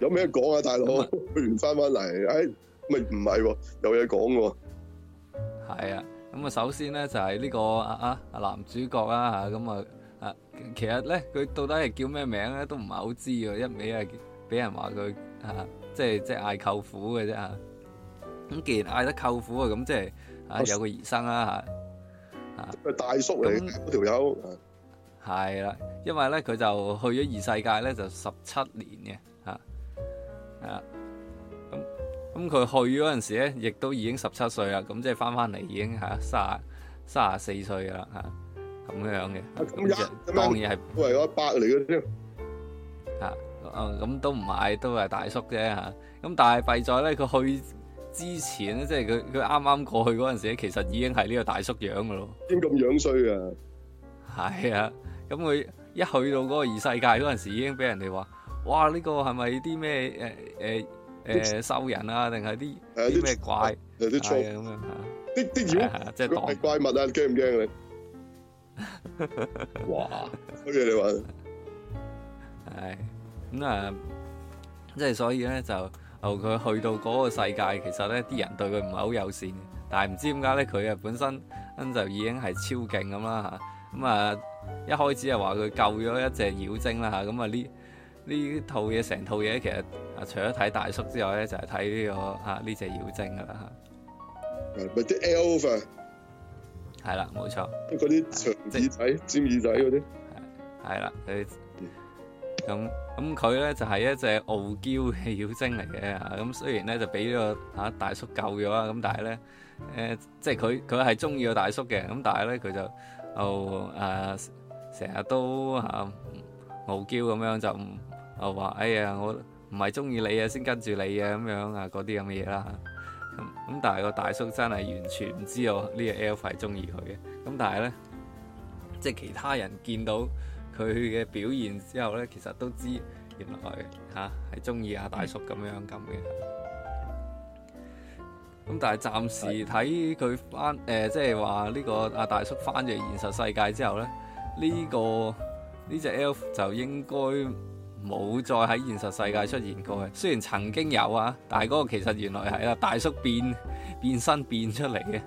有咩講啊，大佬？去完翻翻嚟，誒咪唔係喎，有嘢講嘅喎。係啊，咁啊，首先咧就係呢個啊啊啊男主角啦嚇，咁啊啊其實咧佢到底係叫咩名咧都唔係好知喎，一味係。俾人話佢吓，即係即係嗌舅父嘅啫吓。咁、啊、既然嗌得舅父啊，咁即係吓有個兒生啦吓。啊，大叔嚟，咁條友係啦。因為咧佢就去咗異世界咧，就十七年嘅吓。啊，咁咁佢去嗰陣時咧，亦都已經十七歲啦。咁即係翻翻嚟已經吓三啊三十四歲噶啦吓。咁、啊、樣嘅，當然係，喂，係個伯嚟啊，咁都唔係，都係大叔啫吓。咁但係弊在咧，佢去之前咧，即係佢佢啱啱過去嗰陣時咧，其實已經係呢個大叔樣噶咯。點咁樣衰啊？係啊，咁佢一去到嗰個異世界嗰陣時，已經俾人哋話：哇，呢個係咪啲咩誒誒誒獸人啊？定係啲咩怪？有啲錯咁樣吓。啲啲嘢，即係怪物啊！驚唔驚你？哇！好似你話，係。咁啊，即係、嗯就是、所以咧，就由佢去到嗰個世界，其實咧啲人對佢唔係好友善。但係唔知點解咧，佢啊本身咁就已經係超勁咁啦吓。咁、嗯、啊，一開始就話佢救咗一隻妖精啦吓。咁啊呢呢套嘢成套嘢，其實除咗睇大叔之外咧，就係睇呢個啊呢隻妖精噶啦吓。But it's over。係啦，冇錯。嗰啲長耳仔、的尖耳仔嗰啲。係係啦，佢咁。咁佢咧就係、是、一隻傲嬌嘅妖精嚟嘅，咁雖然咧就俾、這個吓、啊、大叔救咗啊，咁但係咧，誒、呃，即係佢佢係中意個大叔嘅，咁但係咧佢就，哦誒、成、啊、日都吓、啊、傲嬌咁樣就，哦話哎呀我唔係中意你啊，先跟住你啊，咁樣啊嗰啲咁嘅嘢啦，咁咁但係個大叔真係完全唔知道我個呢個 elf 係中意佢嘅，咁但係咧，即係其他人見到。佢嘅表現之後咧，其實都知道原來吓係中意阿大叔咁樣咁嘅。咁但係暫時睇佢翻誒，即係話呢個阿大叔翻咗現實世界之後咧，呢、這個呢隻、這個、elf 就應該冇再喺現實世界出現過嘅。雖然曾經有啊，但係嗰個其實原來係阿大叔變變身變出嚟嘅，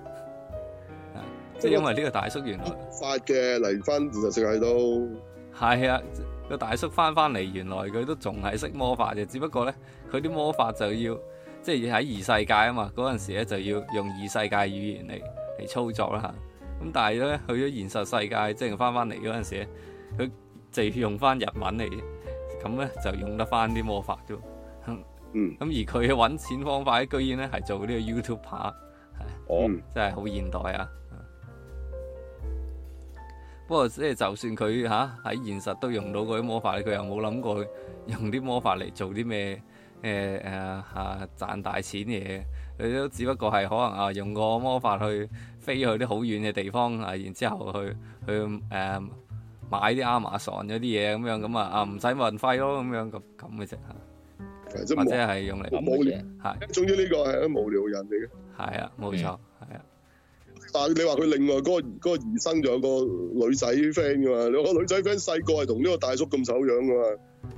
即係因為呢個大叔原來發嘅離婚，其實仲喺係啊，個大叔翻翻嚟，原來佢都仲係識魔法嘅，只不過咧佢啲魔法就要即係喺異世界啊嘛，嗰陣時咧就要用異世界語言嚟嚟操作啦吓。咁但係咧去咗現實世界，即係翻翻嚟嗰陣時咧，佢就要用翻日文嚟，咁咧就用得翻啲魔法啫。嗯。咁而佢嘅揾錢方法，居然咧係做呢個 YouTube 拍、嗯，真係好現代啊！不過即係就算佢嚇喺現實都用到嗰啲魔法，佢又冇諗過用啲魔法嚟做啲咩誒誒嚇賺大錢嘅嘢，佢都只不過係可能啊用個魔法去飛去啲好遠嘅地方，呃、啊，然之後去去誒買啲亞馬遜嗰啲嘢咁樣咁啊啊唔使運費咯咁樣咁咁嘅啫，嚇，或者係用嚟冇嘢，係總之呢個係都無聊人嚟嘅，係啊冇錯，係啊、嗯。啊！但你話佢另外嗰，那個嗰，那個兒生仲有個女仔 friend 噶嘛？你話，那個女仔 friend 細個係同呢個大叔咁醜樣噶嘛？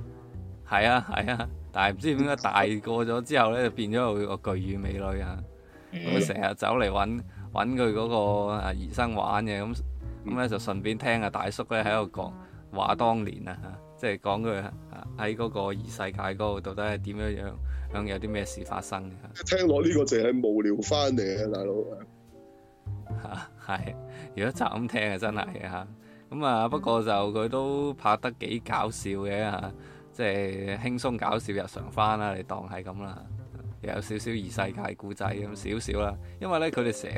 係啊係啊，但係唔知點解大個咗之後咧，就變咗個巨乳美女啊！咁啊成日走嚟搵搵佢嗰個啊兒生玩嘅，咁咁咧就順便聽啊大叔咧喺度講話當年啊，即係講佢喺嗰個兒世界嗰度到底係點樣樣，咁有啲咩事發生嘅。聽落呢個就係無聊翻嚟啊，大佬。吓係，如果就咁聽啊，真係吓咁啊。不過就佢都拍得幾搞笑嘅吓，即係輕鬆搞笑日常番啦。你當係咁啦，又有少少異世界故仔咁少少啦。因為咧，佢哋成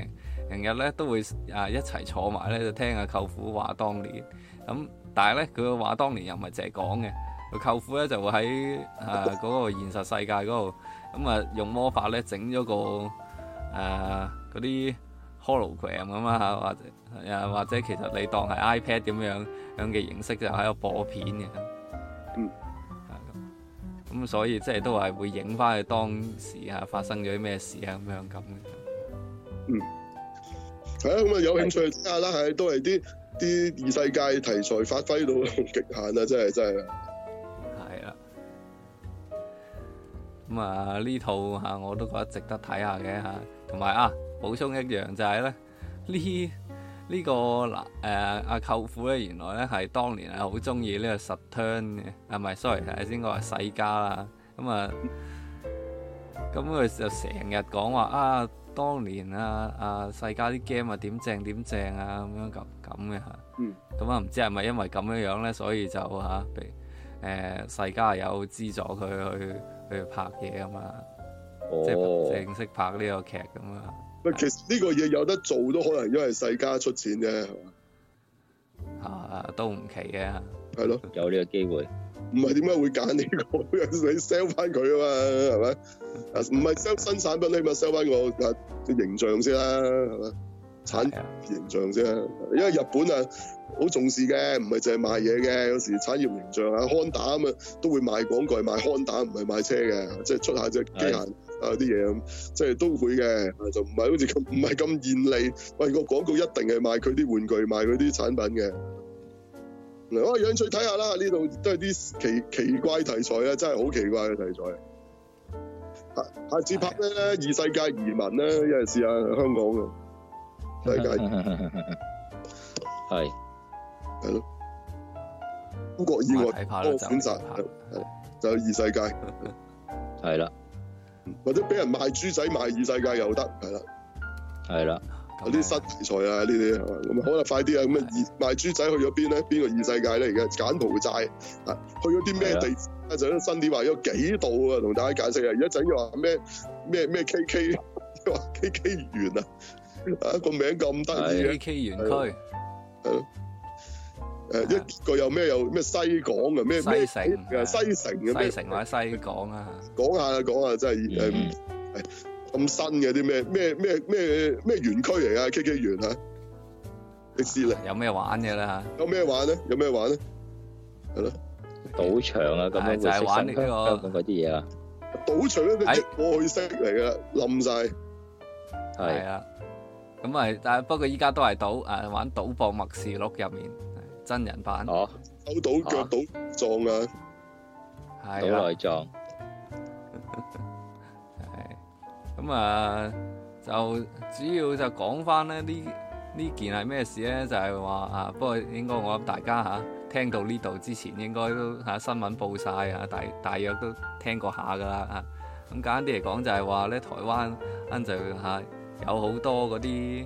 成日咧都會啊一齊坐埋咧就聽阿舅父話當年咁，但係咧佢嘅話當年又唔係淨係講嘅，佢舅父咧就會喺誒嗰個現實世界嗰度咁啊用魔法咧整咗個誒嗰啲。Hologram 咁啊，或者啊，或者其實你當係 iPad 點樣樣嘅形式就喺度播片嘅。嗯。啊。咁所以即係都係會影翻佢當時啊發生咗啲咩事啊咁樣咁。嗯。係啊，咁啊、嗯、有興趣睇下啦，係都係啲啲異世界題材發揮到極限啊，真係真係。係啊。咁啊呢套吓我都覺得值得睇下嘅吓，同埋啊。補充一樣就係咧，呢呢、呢個嗱誒阿舅父咧，原來咧係當年係好中意呢個 Saturn 嘅，啊唔係 sorry，睇下先，我話世嘉啦，咁啊，咁、嗯、佢、嗯嗯、就成日講話啊，當年啊啊世嘉啲 game 啊點正點正啊，咁樣咁咁嘅嚇，咁啊唔、嗯嗯、知係咪因為咁樣樣咧，所以就嚇俾誒世嘉有資助佢去去拍嘢啊嘛，即係正式拍呢個劇咁啊。喂，其實呢個嘢有得做都可能，因為世嘉出錢嘅，係嘛？啊都唔奇嘅，係咯的，有呢個機會。唔係點解會揀呢個？ 你 sell 翻佢啊嘛，係咪？啊，唔係 sell 新產品，你咪 sell 翻個啊形象先啦，產形象先。因為日本啊，好重視嘅，唔係淨係賣嘢嘅。有時產業形象啊，Honda 啊嘛，都會賣廣告，賣 Honda 唔係賣車嘅，即係出下隻機械。啊啲嘢咁，即係都會嘅，就唔係好似咁，唔係咁艷麗。喂，哎、個廣告一定係賣佢啲玩具，賣佢啲產品嘅。嚟我仰趣睇下啦，呢度都係啲奇奇怪題材啊，真係好奇怪嘅題材。下、啊、下次拍咧，異的世界移民咧，有陣時啊，香港嘅世界係係咯，中國以外是多選擇，就係異世界，係啦。 或者俾人賣豬仔賣異世界又得，係啦，係啦，有啲新題材啊呢啲，咁好啦，可能快啲啊，咁啊二賣豬仔去咗邊咧？邊個異世界咧？而家柬埔寨啊，去咗啲咩地？就的新點話咗幾度啊？同大家解釋啊，而家整話咩咩咩 K K，話 K K 園啊，啊個名咁得意嘅 K K 園區。誒一個有咩有咩西港啊，咩西城啊，西城啊，西港啊，講下啦，講下真係，誒咁新嘅啲咩咩咩咩咩園區嚟啊 K K 園嚇，歷史咧有咩玩嘅啦？有咩玩咧？有咩玩咧？係咯，賭場啊咁樣，就係玩呢個香港嗰啲嘢啊！賭場咧，係過去式嚟噶，冧曬係啊！咁啊，但不過依家都係賭誒，玩賭博、密室、碌入面。真人版，哦，手到腳到，撞啊，啊倒內臟，係咁了 啊，就主要就講翻咧呢呢件係咩事咧？就係話啊，不過應該我諗大家吓、啊，聽到呢度之前應該都嚇、啊、新聞報晒，啊，大大約都聽過下噶啦啊，咁簡單啲嚟講就係話咧，台灣就嚇有好多嗰啲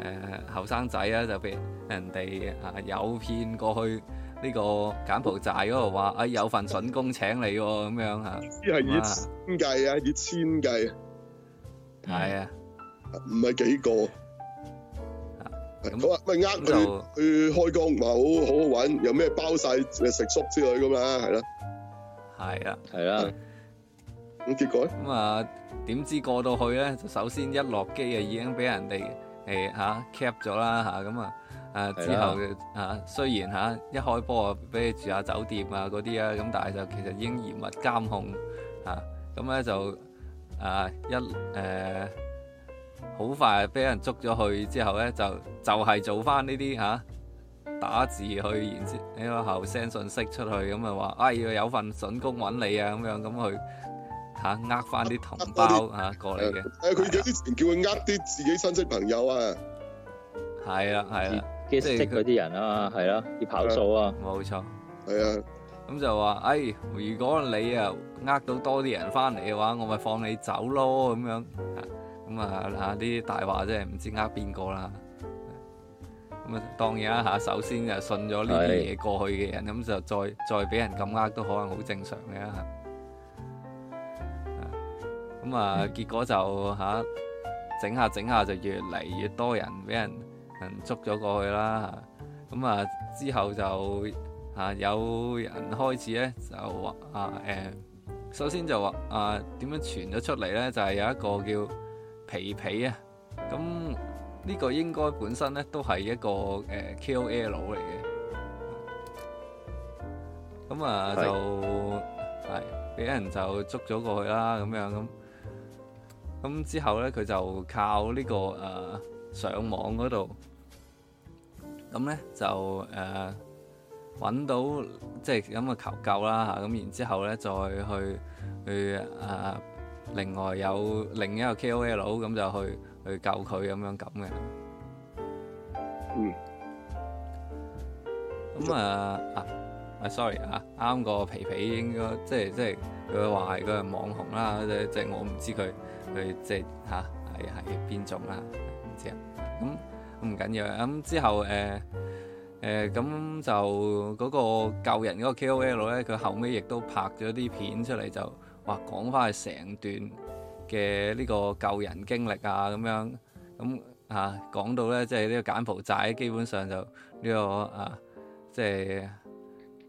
誒後生仔啊，啊就俾。人哋啊，誘騙過去呢個柬埔寨嗰度，話啊有份筍工請你喎，咁樣嚇。啲係以千計啊，以千計啊，係啊，唔係幾個啊。咁話咪呃佢？佢開工唔係好好揾，有咩包晒食宿之類噶嘛，係咯。係啊，係啦。咁結果咁啊，點知過到去咧？就首先一落機啊，已經俾人哋誒嚇 cap 咗啦嚇，咁啊～啊！之後是的啊，雖然嚇、啊、一開波啊，俾你住下酒店啊嗰啲啊，咁但係就其實已經嚴密監控嚇，咁、啊、咧、啊、就啊一誒好、啊、快俾人捉咗去之後咧，就就係、是、做翻呢啲嚇打字去，然之後然後 send 信息出去，咁啊話哎呀有份筍工揾你啊咁樣咁去嚇呃翻啲同胞嚇過嚟嘅。誒佢有啲叫佢呃啲自己親戚朋友啊，係啦係啦。即係識佢啲人啊，係咯，要跑數啊，冇錯，係啊，咁就話，哎，如果你啊呃到多啲人翻嚟嘅話，我咪放你走咯，咁樣，咁啊嗱啲大話真係唔知呃邊個啦，咁啊當然啦吓，首先就信咗呢啲嘢過去嘅人，咁就再再俾人咁呃都可能好正常嘅，咁啊結果就吓整下整下就越嚟越多人俾人，捉咗過去啦，咁啊之後就啊有人開始咧，就話啊誒、呃，首先就話啊點樣傳咗出嚟咧，就係、是、有一個叫皮皮啊，咁呢、這個應該本身咧都係一個誒 KOL 嚟嘅，咁、呃、啊就係俾對人就捉咗過去啦，咁樣咁，咁之後咧佢就靠呢、這個誒、呃、上網嗰度。咁咧就誒揾、呃、到即係咁嘅求救啦嚇，咁然之後咧再去去、呃、另外有另一個 KOL 咁就去去救佢咁樣咁嘅。嗯。咁啊啊啊，sorry 啊，啱個皮皮應該即係即係佢話係個係網紅啦，即即係我唔知佢佢即係嚇係係邊種啦，唔知啊，咁。唔緊要咁之後，誒誒咁就嗰、嗰個救人嗰個 K.O.L 咧，佢後尾亦都拍咗啲片出嚟，就話講翻佢成段嘅呢個救人經歷啊，咁樣咁嚇講到咧，即係呢個柬埔寨，基本上就呢、呢個啊，即係誒、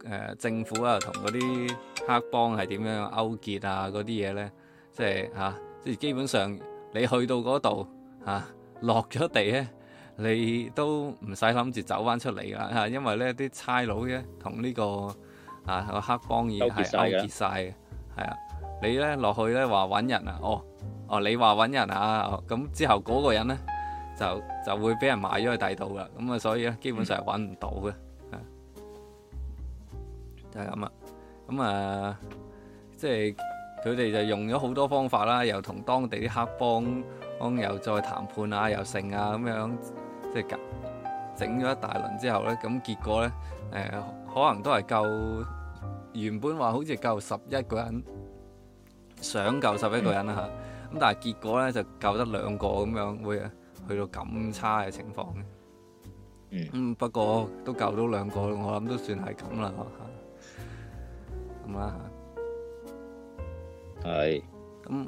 呃、政府啊同嗰啲黑幫係點樣勾結啊，嗰啲嘢咧，即係嚇、啊、即係基本上你去到嗰度嚇落咗地咧。你都唔使諗住走翻出嚟㗎，嚇！因為咧啲差佬嘅同呢個啊個黑幫已經係勾結晒。嘅，係啊！你咧落去咧話揾人啊，哦哦，你話揾人啊，咁之後嗰個人咧就就會俾人買咗去第度啦，咁啊所以咧基本上係揾唔到嘅，嚇、嗯，就係咁啊！咁啊、呃，即係佢哋就用咗好多方法啦，又同當地啲黑幫又再談判啊，又剩啊咁樣。即係搞整咗一大輪之後咧，咁結果咧，誒，可能都係救原本話好似救十一個人，想救十一個人啊吓，咁但係結果咧就救得兩個咁樣，會啊去到咁差嘅情況嘅。嗯。嗯，不過都救到兩個，我諗都算係咁啦吓，咁啦吓。係。嗯。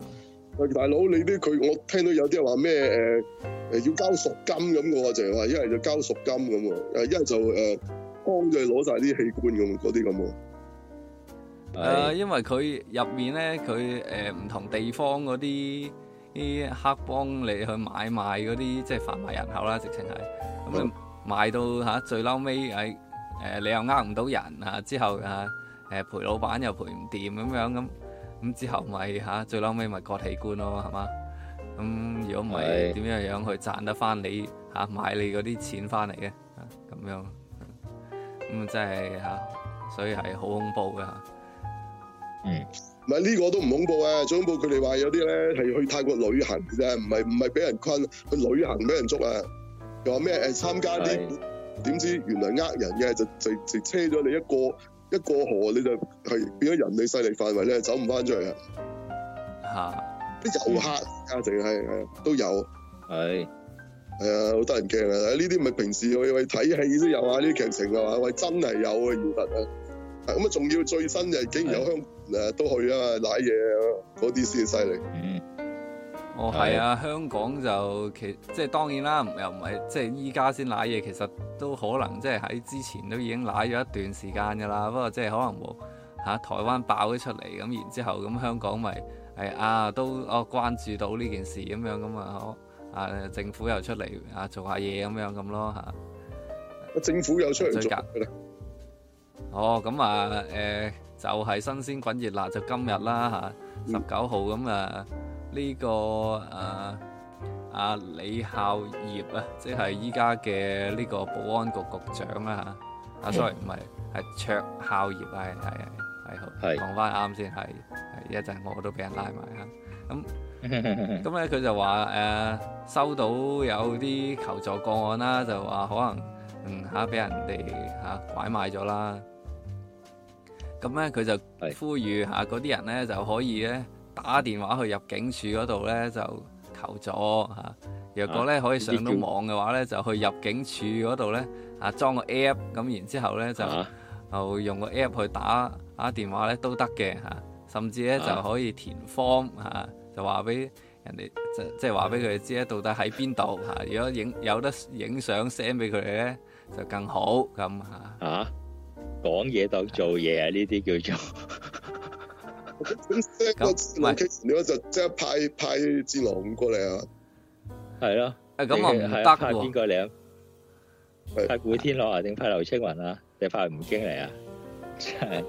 誒大佬，你啲佢我聽到有啲話咩誒誒要交贖金咁嘅喎，就係話一係就交贖金咁喎，一係就誒、呃、幫佢攞晒啲器官咁嗰啲咁喎。呃、對因為佢入面咧，佢誒唔同地方嗰啲啲黑幫，你去買賣嗰啲即係販賣人口啦，直情係咁啊，賣到嚇最嬲尾，誒、呃、誒你又呃唔到人啊，之後啊誒賠老闆又賠唔掂咁樣咁。咁之後咪、就、嚇、是，最嬲尾咪割器官咯，係嘛？咁如果唔係點樣樣去賺得翻你嚇買你嗰啲錢翻嚟嘅？咁樣咁啊真係嚇，所以係好恐怖嘅。嗯，唔係呢個都唔恐怖嘅，最恐怖佢哋話有啲咧係去泰國旅行嘅，唔係唔係俾人困去旅行俾人捉啊？又話咩誒參加啲點知原來呃人嘅，就就就車咗你一個。一過河你就係變咗人類勢力範圍咧，走唔翻出嚟啊！嚇，啲遊客啊，家淨係係都有，係係啊，好得人驚啊！呢啲咪平時去去睇戲都有啊，呢啲劇情係嘛，喂真係有啊，現實啊！咁啊，仲要最新嘅竟然有香港都去啊嘛，瀨嘢嗰啲先至犀利。哦，係啊，啊香港就其即係當然啦，又唔係即係依家先瀨嘢，其實都可能即係喺之前都已經瀨咗一段時間噶啦，不過即係可能冇吓、啊、台灣爆咗出嚟，咁然之後咁香港咪、就、係、是、啊都哦、啊、關注到呢件事咁樣咁啊，好啊政府又出嚟啊做下嘢咁樣咁咯吓，政府又出嚟做。哦，咁啊，誒、啊啊啊啊，就係、是、新鮮滾熱辣就今日啦吓，十九號咁啊。呢個誒阿李孝業啊，即係依家嘅呢個保安局局長啊，啊 sorry 唔係，係卓孝業啊，係係係係好，講翻啱先，係係一陣我都俾人拉埋啊，咁咁咧佢就話誒收到有啲求助個案啦，就話可能嗯吓俾人哋吓拐賣咗啦，咁咧佢就呼籲吓嗰啲人咧就可以咧。打電話去入境處嗰度咧就求助嚇。若、啊啊、果咧可以上到網嘅話咧，啊、就去入境處嗰度咧啊裝個 app 咁、啊，啊、然之後咧就就用個 app 去打打電話咧都得嘅嚇。甚至咧、啊、就可以填 form 嚇、啊，就話俾人哋即即係話俾佢哋知咧到底喺邊度嚇。如果影有得影相，send 俾佢哋咧就更好咁嚇。啊講嘢當做嘢啊，呢啲、啊、叫做、啊。 咁唔係，你我就即刻派派戰狼過嚟啊！係咯，誒，咁我唔得喎。派古天樂啊，定派劉青雲啊，定派吳京嚟啊？係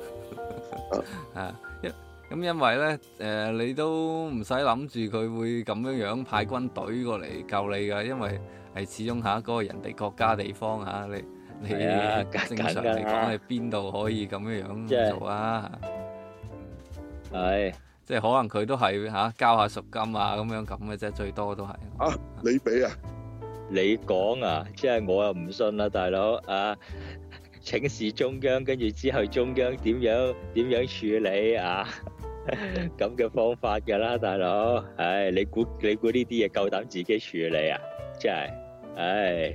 啊，一咁因為咧，誒，你都唔使諗住佢會咁樣樣派軍隊過嚟救你噶，因為係始終吓嗰個人哋國家地方吓，你你正常嚟講係邊度可以咁樣樣做啊？係，即係可能佢都係吓交下贖金啊，咁樣咁嘅啫，最多都係。啊，你俾啊？你講啊，即係我又唔信啦，大佬啊，請示中央，跟住之後中央點樣點樣處理啊？咁嘅方法噶啦，大佬，唉，你估你估呢啲嘢夠膽自己處理啊？即係，唉，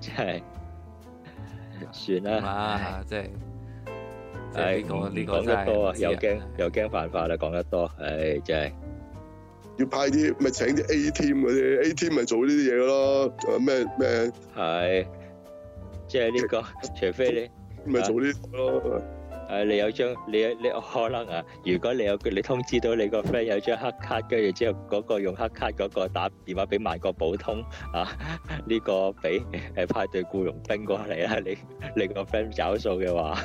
即係，算啦，即係。唉，呢個呢講得多啊，又驚又驚犯法啦，講得多，唉，真係要派啲咪請啲 A team 嗰啲 A team 咪做呢啲嘢咯，仲有咩咩係，即係呢個，除非你咪做呢啲咯。誒，你有張你你可能啊，如果你有佢，你通知到你個 friend 有張黑卡跟住之後，嗰個用黑卡嗰個打電話俾萬國寶通啊，呢個俾誒派隊僱傭兵過嚟啦，你你個 friend 找數嘅話。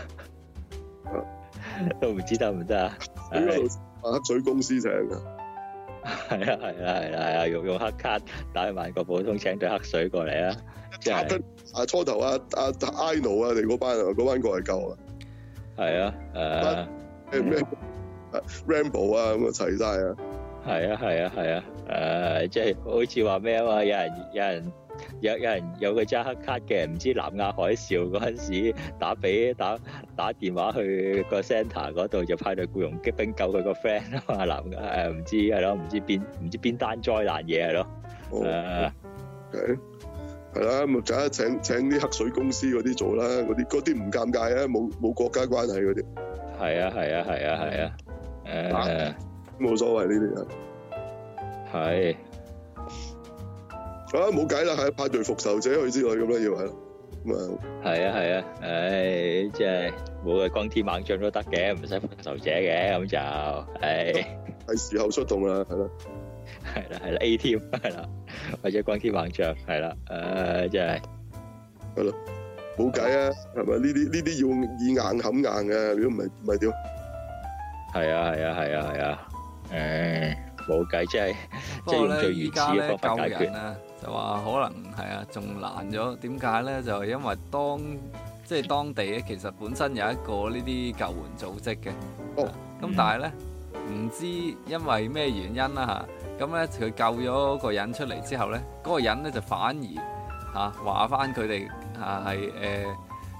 都唔知得唔得啊？呢度黑水公司請噶，係啊係啊係啊係啊，用用黑卡打埋個普通請隊黑水過嚟啊！即係阿初頭啊，阿 i n 啊，你嗰班啊，嗰班過嚟救啊！係啊，誒咩？Rainbow 啊，咁啊齊晒啊！係啊係啊係啊，誒，即係好似話咩啊嘛？有人有人。有有人有個揸黑卡嘅，唔知南亞海嘯嗰陣時打俾打打電話去個 centre 嗰度，就派隊僱傭兵救佢個 friend 啊嘛，南嘅誒唔知係咯，唔知邊唔知邊單災難嘢係咯，誒係啦，咪就請請啲黑水公司嗰啲做啦，嗰啲嗰啲唔尷尬啊，冇冇國家關係嗰啲，係啊係啊係啊係啊，誒冇所謂呢啲人係。啊，冇計啦，係派對復仇者去之外咁啦，要係咁啊，係啊係啊，唉，即係冇係轟天猛將都得嘅，唔使復仇者嘅，咁就唉，係時候出動啦，係咯，係啦係啦 A 添，係啦或者轟天猛將，係啦，唉，即係，係咯，冇計啊，係咪呢啲呢啲要以硬冚硬嘅，如果唔係唔係點？係啊係啊係啊係啊，誒，冇計，即係即係用最原始嘅方法解決啦。就話可能係啊，仲難咗。點解咧？就係、是、因為當即係、就是、當地咧，其實本身有一個呢啲救援組織嘅。哦。咁、嗯、但係咧，唔知因為咩原因啦吓。咁、啊、咧，佢救咗個人出嚟之後咧，嗰、嗰個人咧就反而吓話翻佢哋吓係誒，即、啊、係、啊呃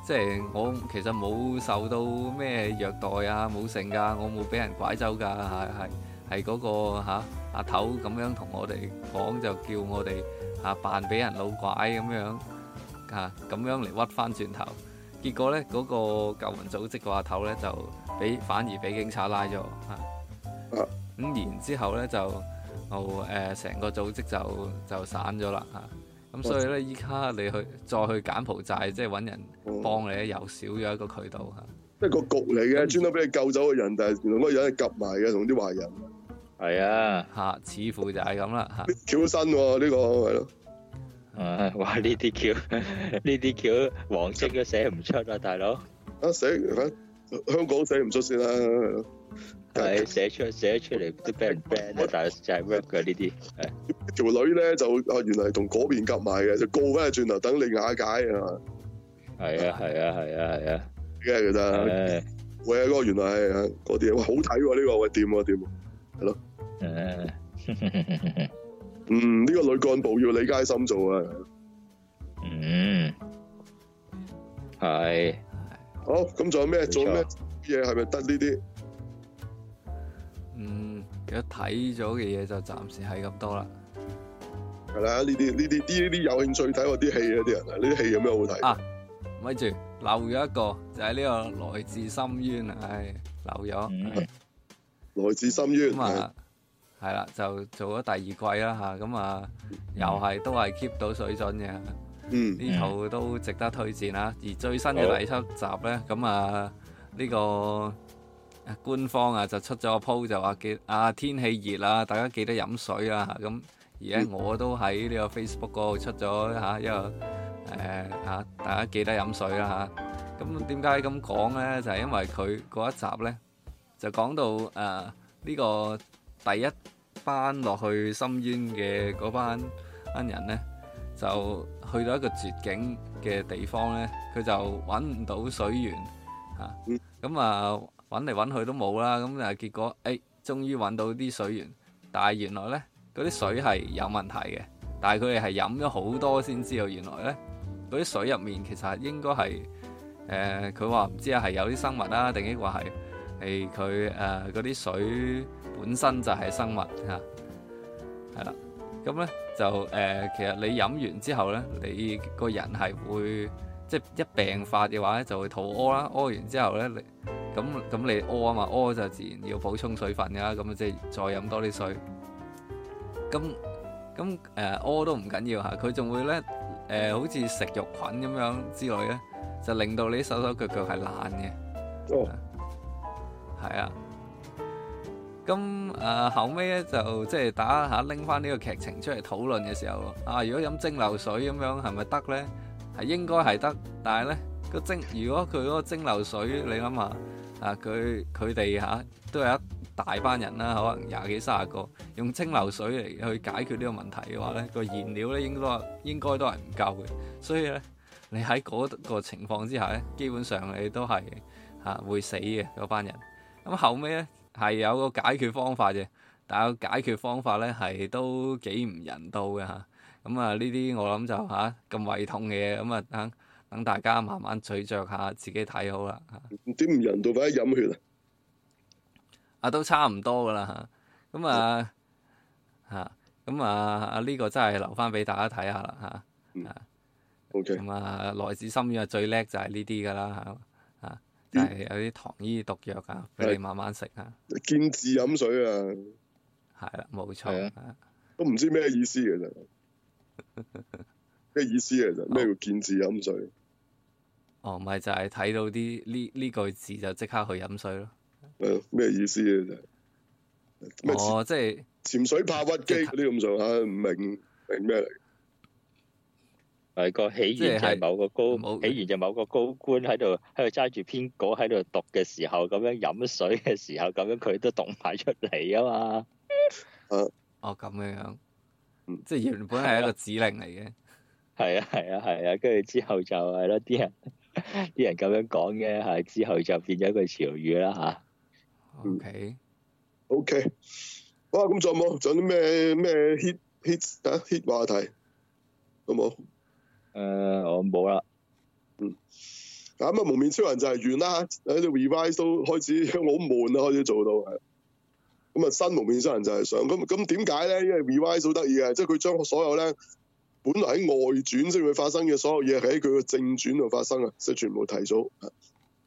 就是、我其實冇受到咩虐待啊，冇成噶，我冇俾人拐走噶，係係係嗰個吓。啊阿頭咁樣同我哋講，就叫我哋嚇扮俾人老拐咁樣嚇，咁樣嚟屈翻轉頭。結果咧，嗰、嗰個救援組織個阿頭咧就俾反而俾警察拉咗嚇。咁、啊、然之後咧就就誒成個組織就就散咗啦嚇。咁、啊、所以咧，依家你去再去柬埔寨即係揾人幫你，又、啊、少咗一個渠道嚇。即係個局嚟嘅，專登俾你救走個人，但係原來嗰人係夾埋嘅，同啲壞人。係啊，吓，似乎就係咁啦吓。橋新喎，呢個係咯，誒，哇，呢啲橋、呢啲橋黃色都寫唔出啊，大佬。啊寫，香港寫唔出先啦。係寫出寫出嚟都俾人 ban 咧，但係就 work 嘅呢啲。條女咧就啊，原嚟同嗰邊夾埋嘅，就告翻轉頭等你瓦解啊。係啊係啊係啊係啊，點解嘅啫？喂，嗰個，原來係啊，嗰啲哇好睇喎，呢個喂點啊點啊，係咯。誒，嗯，呢個女幹部要李佳心做啊，嗯，係，好，咁仲有咩？仲有咩嘢？係咪得呢啲？嗯，如果睇咗嘅嘢，就暫時係咁多啦。係啦，呢啲呢啲啲呢啲有興趣睇我啲戲嘅啲人，呢啲戲有咩好睇？啊，咪住留咗一個，就係呢個來自深淵啊，唉，留咗，來自深淵啊。係啦，就做咗第二季啦嚇，咁啊又係都係 keep 到水準嘅，呢套都值得推薦啦。而最新嘅第七集咧，咁啊呢個官方啊就出咗個 po 就話記啊天氣熱啦，大家記得飲水啊。咁而家我都喺呢個 Facebook 嗰度出咗嚇一個誒嚇，大家記得飲水啦嚇。咁點解咁講咧？就係因為佢嗰一集咧就講到誒呢個第一。返落去深淵嘅嗰班恩人咧，就去到一個絕境嘅地方咧，佢就揾唔到水源嚇，咁啊揾嚟揾去都冇啦，咁啊結果誒，終於揾到啲水源，但係原來咧嗰啲水係有問題嘅，但係佢哋係飲咗好多先知道原來咧嗰啲水入面其實應該係誒，佢話唔知係有啲生物啊，定抑或係。係佢，誒，嗰啲水本身就係生物吓，係啦。咁咧就誒，其實你飲完之後咧，你個人係會即係一病發嘅話咧，就會肚屙啦。屙完之後咧，你咁咁你屙啊嘛，屙就自然要補充水分噶啦。咁即係再飲多啲水。咁咁誒，屙都唔緊要吓，佢仲會咧誒，好似食肉菌咁樣之類咧，就令到你手手腳腳係爛嘅。係啊，咁誒、呃、後尾咧就即係打下拎翻呢個劇情出嚟討論嘅時候，啊如果飲蒸餾水咁樣係咪得咧？係應該係得，但係咧個蒸，如果佢嗰個蒸餾水，你諗下啊，佢佢哋吓都係一大班人啦，可能廿幾卅個，用蒸餾水嚟去解決呢個問題嘅話咧，個燃料咧應該應該都係唔夠嘅，所以咧你喺嗰個情況之下咧，基本上你都係吓、啊、會死嘅嗰班人。咁後尾咧係有個解決方法嘅，但係解決方法咧係都幾唔人道嘅嚇。咁啊呢啲我諗就嚇咁、啊、胃痛嘅嘢，咁啊等等大家慢慢咀嚼下，自己睇好啦嚇。點唔人道，快啲飲血啊，啊！啊，都差唔多噶啦嚇。咁啊嚇，咁啊啊呢個真係留翻俾大家睇下啦嚇。啊、嗯。冇錯。咁啊，來自深淵最叻就係呢啲噶啦嚇。啊係有啲糖衣毒藥啊，俾你慢慢食啊是。見字飲水啊，係啦，冇錯，都唔知咩意思其實。咩 意思其實？咩叫見字飲水哦？哦，唔咪就係睇到啲呢呢句字就即刻去飲水咯。咩、哦、意思啊？潛哦，即係潛水怕屈機啲咁上下，唔、啊、明明咩嚟？係個起源就某個高是起源就某個高官喺度喺度揸住篇稿喺度讀嘅時候，咁樣飲水嘅時候，咁樣佢都讀埋出嚟啊嘛！哦哦、啊，咁樣 樣，即係原本係一個指令嚟嘅，係啊係啊係啊，跟住、啊啊啊啊、之後就係、是、咯，啲人啲人咁樣講嘅，係之後就變咗一個潮語啦吓。O K，O K，哇！咁仲有仲有啲咩咩 hit hit、啊、hit 話題好冇？誒、uh, 我冇啦，嗯，咁啊蒙面超人就係完啦，喺啲 revise 都開始好悶啦，開始做到係，咁啊新蒙面超人就係上咁咁點解咧？因為 revised 好得意嘅，即係佢將所有咧本來喺外傳先會發生嘅所有嘢，喺佢個正傳度發生啊，即係全部提早，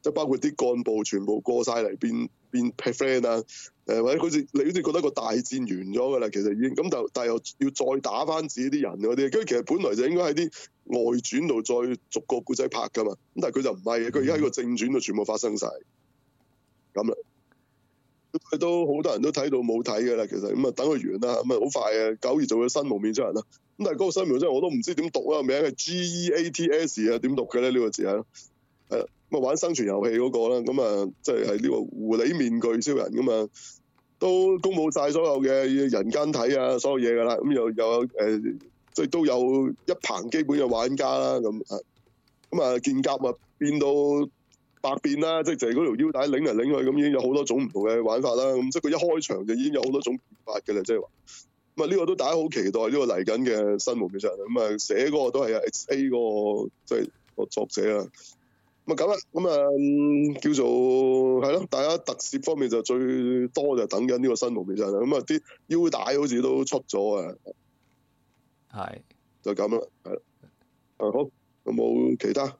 即係包括啲幹部全部過晒嚟變變 friend 啊，誒或者好似你好似覺得個大戰完咗㗎啦，其實已經咁，但但又要再打翻自己啲人嗰啲，跟住其實本來就應該喺啲外傳度再逐個古仔拍㗎嘛，咁但係佢就唔係嘅，佢而家喺個正傳度全部發生晒。咁啦、嗯，都好多人都睇到冇睇㗎啦，其實咁啊等佢完啦，咁啊好快嘅，九月做咗新蒙面超人啦，咁但係嗰個新蒙面超人我都唔知點讀啦，名係 G E A T S 啊，點讀嘅咧呢個字係，係咁啊玩生存遊戲嗰、那個啦，咁啊即係係呢個狐狸面具超人㗎嘛，都公佈晒所有嘅人間體啊，所有嘢㗎啦，咁又又有、呃所以都有一棚基本嘅玩家啦，咁啊咁啊，劍甲啊變到百變啦，即係就係、是、嗰條腰帶拎嚟拎去，咁已經有好多種唔同嘅玩法啦。咁即係佢一開場就已經有好多種變法嘅啦，即係話咁啊。呢、這個都大家好期待呢、這個嚟緊嘅新幪面超人咁啊，寫嗰個都係啊，X A 嗰個即係個作者啊。咁啊，咁啊叫做係咯，大家特攝方面就最多就等緊呢個新幪面超人啦。咁啊，啲腰帶好似都出咗啊。係，是就咁啦，係，啊好，有冇其他？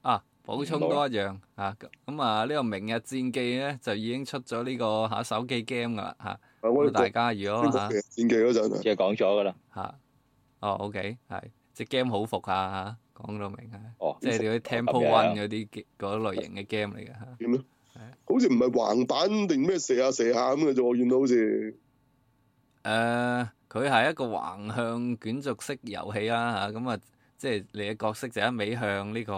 啊，補充多一樣白啊，咁啊呢個《明日戰記呢》咧就已經出咗呢、這個吓、啊、手機 game 噶啦吓，啊、大家如果吓戰記嗰陣，即係講咗噶啦吓，哦，OK，係，隻 game 好伏啊吓，講到明啊，哦，即係你啲 Temple Run 嗰啲嗰類型嘅 game 嚟嘅吓，點咧、啊？好似唔係橫版定咩射下射下咁嘅啫，我見到好似，誒、啊。佢係一個橫向捲軸式遊戲啦，吓咁啊，即係你嘅角色就一味向呢個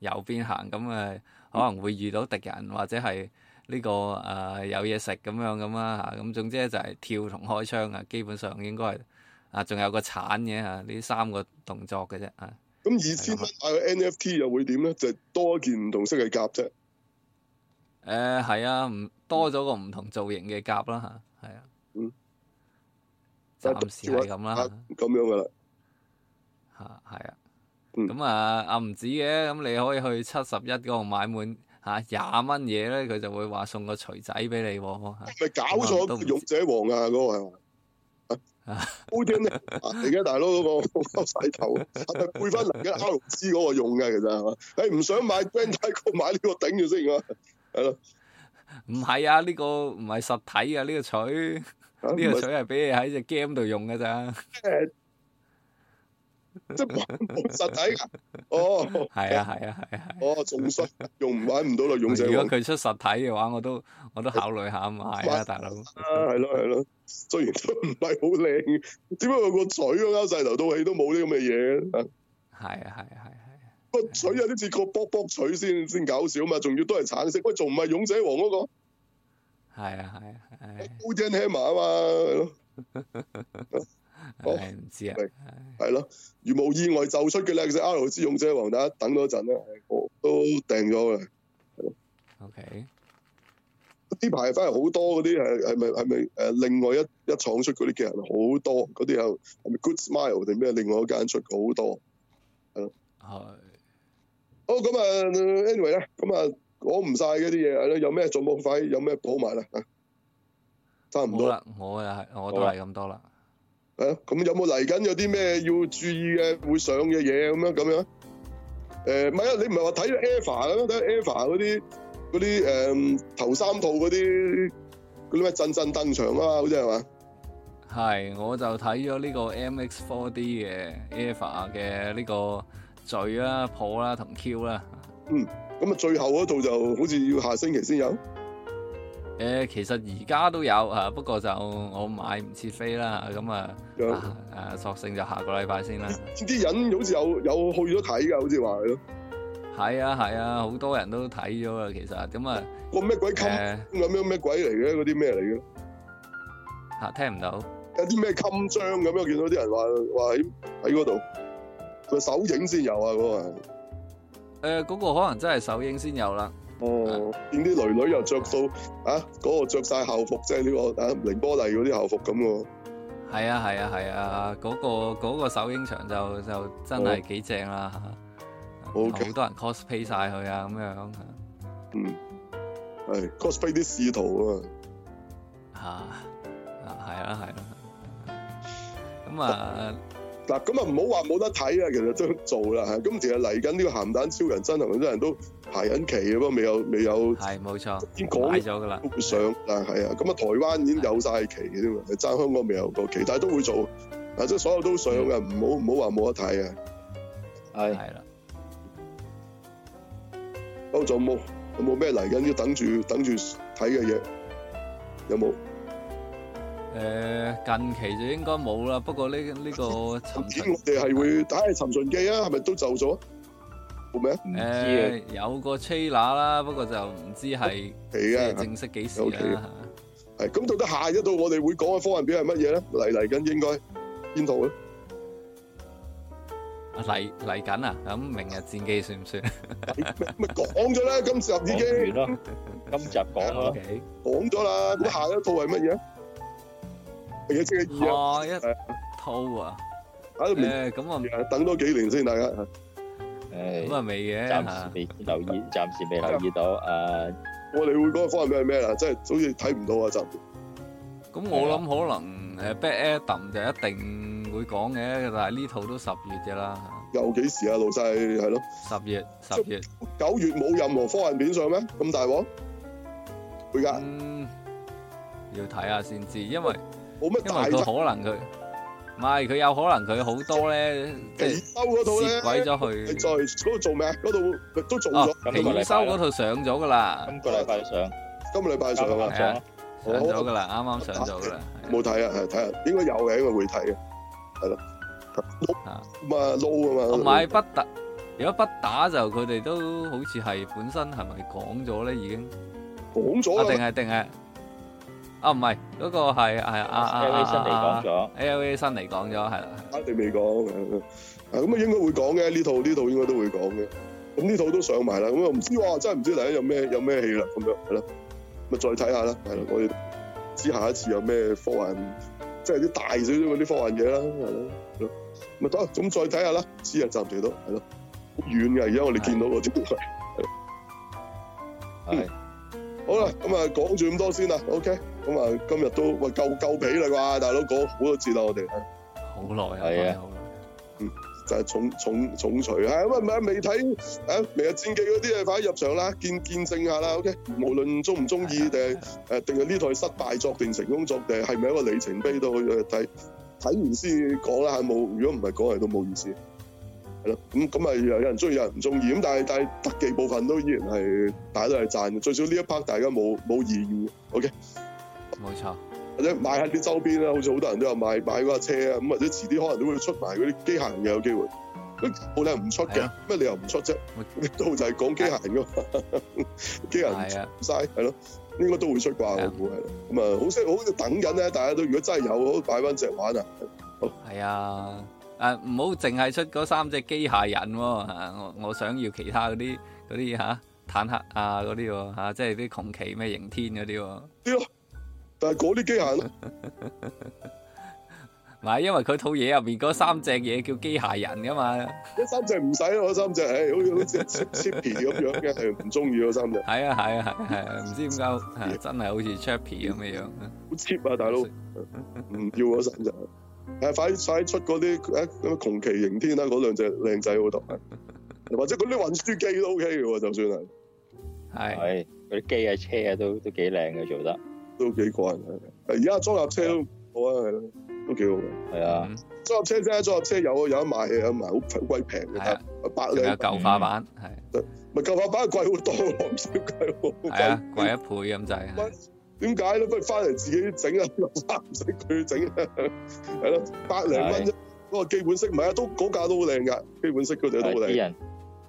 右邊行，咁啊可能會遇到敵人、嗯、或者係呢、這個誒、呃、有嘢食咁樣咁啦，吓咁總之咧就係跳同開槍啊，基本上應該係啊仲有個鏟嘅吓，呢三個動作嘅啫啊。咁二千蚊 NFT 又會點咧？就係、多一件唔同色嘅甲啫。誒係、呃、啊，唔多咗個唔同造型嘅甲啦吓，係啊。嗯暫時係咁啦，咁樣噶啦，吓係啊，咁啊、嗯、啊唔、啊、止嘅，咁你可以去七十一嗰度買滿吓廿蚊嘢咧，佢、啊、就會話送個錘仔俾你。係咪、啊、搞錯勇者王啊嗰、嗰個係嘛？嗰啲你而家大佬嗰、嗰個收晒頭， 背翻而家阿龍之嗰個用嘅其實係嘛？你、欸、唔想買 grand 泰哥買呢個頂住先啊？係咯、啊，唔係啊呢個唔係實體啊呢、呢個錘。呢個鎚係俾你喺隻 game 度用嘅咋，即係冇實體噶。哦，係啊係啊係啊。哦，仲衰，用唔玩唔到咯，勇者。如果佢出實體嘅話，我都我都考慮下嘛！係啊，大佬。啊，係咯係咯，雖然都唔係好靚，點解個個鎚都勾晒頭到尾都冇啲咁嘅嘢咧？係啊係啊係啊。個鎚啊，啲似個卜卜鎚先先搞笑嘛，仲要都係橙色，喂，仲唔係勇者王嗰個？係啊係啊，高聽聽埋啊，啊，啊、er、嘛，係咯。我唔知啊，係咯。如無意外就出嘅靚仔 r 之勇者王啦，等多陣啦。我都訂咗嘅。O K、啊。呢排返嚟好多嗰啲係係咪係咪誒？另外一一廠出嗰啲嘅人好多，嗰啲又，係咪 Good Smile 定咩？另外一間出好多。係。好咁啊，Anyway 啦，咁啊。是講唔晒嗰啲嘢，係咯，有咩總部費，有咩補埋啦，差唔多啦。我又係，我都係咁多啦。係咯，咁有冇嚟緊有啲咩要注意嘅會上嘅嘢咁樣咁樣？誒，唔係啊，你唔係話睇咗 EVA 啊，睇下 EVA 嗰啲嗰啲誒頭三套嗰啲嗰啲咩陣陣登場啊嘛，好似係嘛？係，我就睇咗呢個 MX4D 嘅 EVA 嘅呢個序啦、破啦同 Q 啦。嗯。咁啊，最後嗰套就好似要下星期先有。誒、呃，其實而家都有啊，不過就我買唔切飛啦。咁、嗯、啊，誒索性就下個禮拜先啦。啲人好似有有去咗睇㗎，好似話係咯。係啊係啊，好、啊、多人都睇咗啊。其實。咁啊，個咩鬼襟咁樣咩鬼嚟嘅？嗰啲咩嚟嘅？嚇，聽唔到。有啲咩襟章咁啊？見到啲人話話喺喺嗰度，個手影先有啊嗰個。誒，嗰、呃那個可能真係首映先有啦。哦，見啲女女又着到啊，嗰、啊，那個着晒校服，即係呢個啊，綾波麗嗰啲校服咁喎。係啊係啊係啊，嗰、啊啊那個、那個首映場就就真係幾正啦，好、哦、多人 cosplay 晒佢啊咁樣。嗯，係、哎、cosplay 啲使徒啊。吓，啊係啊。係啦，咁啊。嗱，咁啊唔好話冇得睇啊，其實都做啦吓。咁其實嚟緊呢個鹹蛋超人真係好多人都排緊期嘅噃，未有未有，係冇錯，已經講咗嘅啦，了了都會上但係啊，咁啊台灣已經有晒期嘅添啊，爭係香港未有個期，但係都會做啊，即係所有都上嘅，唔好唔好話冇得睇啊，係係啦。歐仲冇有冇咩嚟緊要等住等住睇嘅嘢有冇？誒，近期就應該冇啦。不過呢呢個尋秦，我哋係會打下尋秦記啊，係咪都就咗？做咩？誒，有個吹喇啦，不過就唔知係係啊，正式幾時啊？係咁，到底下一套，我哋會講嘅科幻表係乜嘢咧？嚟嚟緊應該邊套咧？嚟嚟緊啊！咁明日戰記算唔算？咪講咗啦，今集已經，今集講啦，講咗啦。咁下一套係乜嘢？哇！一套啊！誒，咁啊，等多幾年先，大家。誒，咁啊，未嘅，暫時未留意，暫時未留意到。誒，我哋會嗰個科幻片係咩啦？即係好似睇唔到啊！就咁，我諗可能誒，Black Adam 就一定會講嘅，但係呢套都十月嘅啦。又幾時啊，老細？係咯，十月，十月。九月冇任何科幻片上咩？咁大鑊？會噶？要睇下先知，因為。因為佢可能佢，唔係佢有可能佢好多咧，即係二修嗰套咧，蝕鬼咗佢。在嗰度做咩啊？嗰度都做咗。二修嗰套上咗噶啦。今個禮拜上，今個禮拜上啦，上咗噶啦，啱啱上咗噶啦。冇睇啊，睇啊，應該有嘅，因為會睇嘅，係咯。撈啊嘛，撈啊嘛。同埋不打，如果不打就佢哋都好似係本身係咪講咗咧已經？講咗啊？定係定係？啊，唔係，嗰個係係阿阿 A.V. 新嚟講咗，A.V. 新嚟講咗，係啦，阿定未講，咁啊應該會講嘅，呢套呢套應該都會講嘅，咁呢套都上埋啦，咁又唔知哇，真係唔知嚟緊有咩有咩戲啦，咁樣係咯，咪再睇下啦，係咯，我哋知下一次有咩科幻，即係啲大少少嗰啲科幻嘢啦，係咯，咪得，咁再睇下啦，知啊暫時都係咯，好遠㗎，而家我哋見到我哋都好啦，咁啊，講住咁多先啦，OK，咁啊，今日都喂夠夠皮啦啩，大佬講好多次啦，我哋好耐係啊，嗯，就係、是、重重重錘啊，咁啊，未睇啊，明日戰記嗰啲啊，快入場啦，見見證下啦，OK，嗯、無論中唔中意定誒定係呢台失敗作定成功作，定係咪一個里程碑都去睇睇完先講啦，冇，如果唔係講嚟都冇意思。係咯，咁咁，咪有人中意，有人唔中意，咁但係但係特技部分都依然係，大家都係賺嘅，最少呢一 part 大家冇、冇異議嘅，OK？冇錯，或者買下啲周邊啊，好似好多人都有買、買嗰架車啊，咁或者遲啲可能都會出埋嗰啲機械人嘅，有機會，咁好多人唔出嘅，咩理由唔出啫？都就係講機械人㗎嘛，機械人嘥，係咯，應該都會出啩，我估係，咁啊，好識，好就等緊咧，大家都如果真係有，好擺翻隻玩啊，係啊。誒，唔好淨係出嗰三隻機械人喎，啊，吓我我想要其他嗰啲啲吓坦克啊嗰啲喎吓，即係啲窮奇咩刑天嗰啲喎。但係嗰啲機械人，啊，唔係 因為佢套嘢入面嗰三隻嘢叫機械人噶嘛？嗰 三隻唔使咯，三隻，唉，哎，好似好似 cheap 啲咁樣嘅，係唔中意嗰三隻。係啊係啊係啊，唔知點解 Chippy 真係好似 Chappie 咁樣樣。不好 cheap 啊，大佬，唔帥 要啊三隻。誒快快出嗰啲誒咁窮奇迎天啦、啊，嗰兩隻靚仔好得， 或者嗰啲運輸機都 OK 嘅喎，就算係係嗰啲機啊車啊都都幾靚嘅做得，都幾貴，而家裝入車都好啊，的都幾好嘅。係啊，的裝入車啫，啊，裝入車有啊，有得賣嘅，唔係好鬼平嘅。係啊，百零的舊化版係，咪係的舊化版貴好多，唔知點解喎。啊，貴一倍咁滯、就是。點解咧？不如翻嚟自己整啊！樓唔使佢整，啊，係咯，百零蚊啫。我話基本色唔係啊，都嗰架都好靚噶，基本色佢哋都靚。啲人，